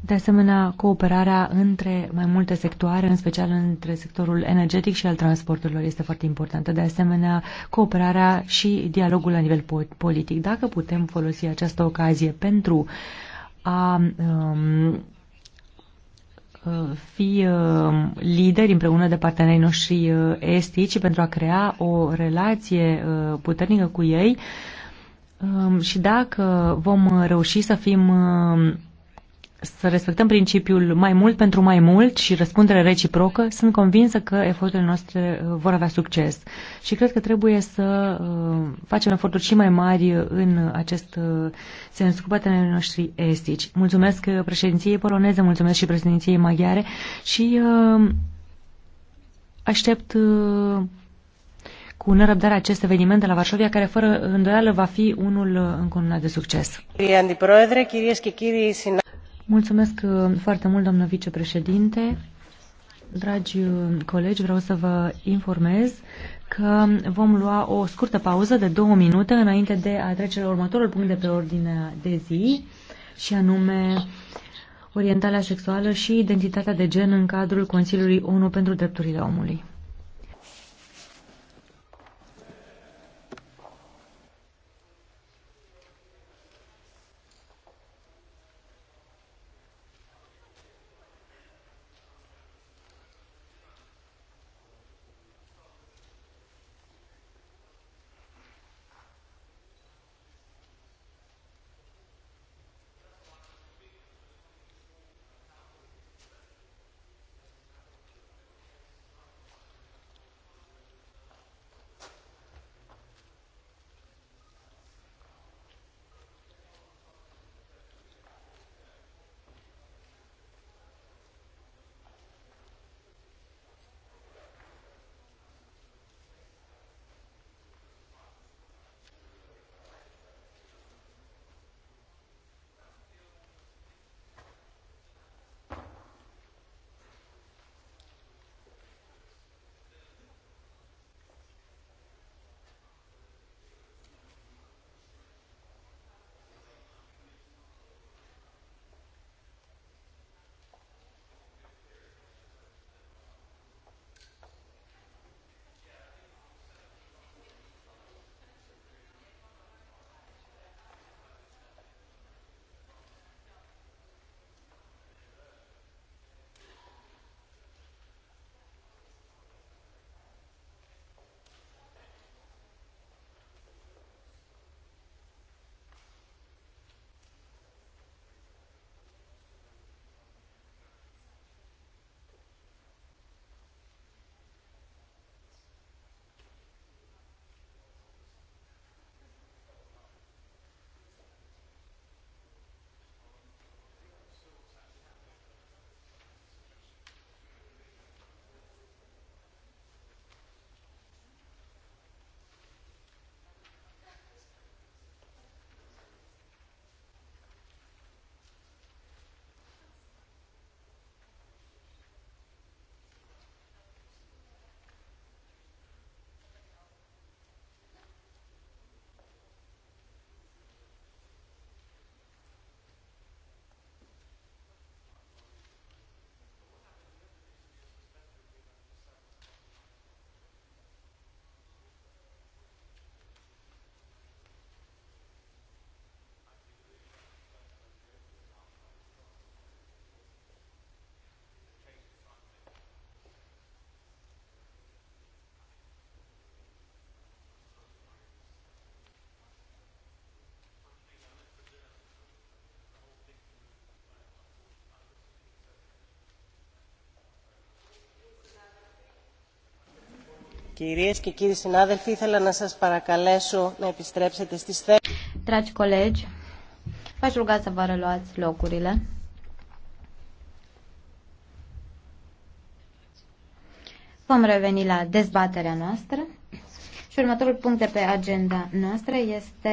De asemenea, cooperarea între mai multe sectoare, în special între sectorul energetic și al transporturilor, este foarte importantă. De asemenea, cooperarea și dialogul la nivel politic. Dacă putem folosi această ocazie pentru a um, uh, fi um, lideri împreună de partenerii noștri uh, estici pentru a crea o relație uh, puternică cu ei um, și dacă vom reuși să fim um, să respectăm principiul mai mult pentru mai mult și răspundere reciprocă, sunt convinsă că eforturile noastre uh, vor avea succes. Și cred că trebuie să uh, facem eforturi și mai mari în acest uh, sens cu partenerii noștri estici. Mulțumesc președinției poloneze, mulțumesc și președinției maghiare și aștept cu nerăbdare acest eveniment de la Varsovia, care fără îndoială va fi unul încununat de succes. Mulțumesc uh, foarte mult, doamnă vicepreședinte. Dragi uh, colegi, vreau să vă informez că vom lua o scurtă pauză de două minute înainte de a trece la următorul punct de pe ordinea de zi și anume orientarea sexuală și identitatea de gen în cadrul Consiliului ONU pentru Drepturile Omului. Κυρίες και κύριοι συνάδελφοι, ήθελα να σας παρακαλέσω να επιστρέψετε στις θέσεις. Dragi colegi, v-aș ruga să vă reluați locurile. Vom reveni la dezbaterea noastră și următorul punct de pe agenda noastră este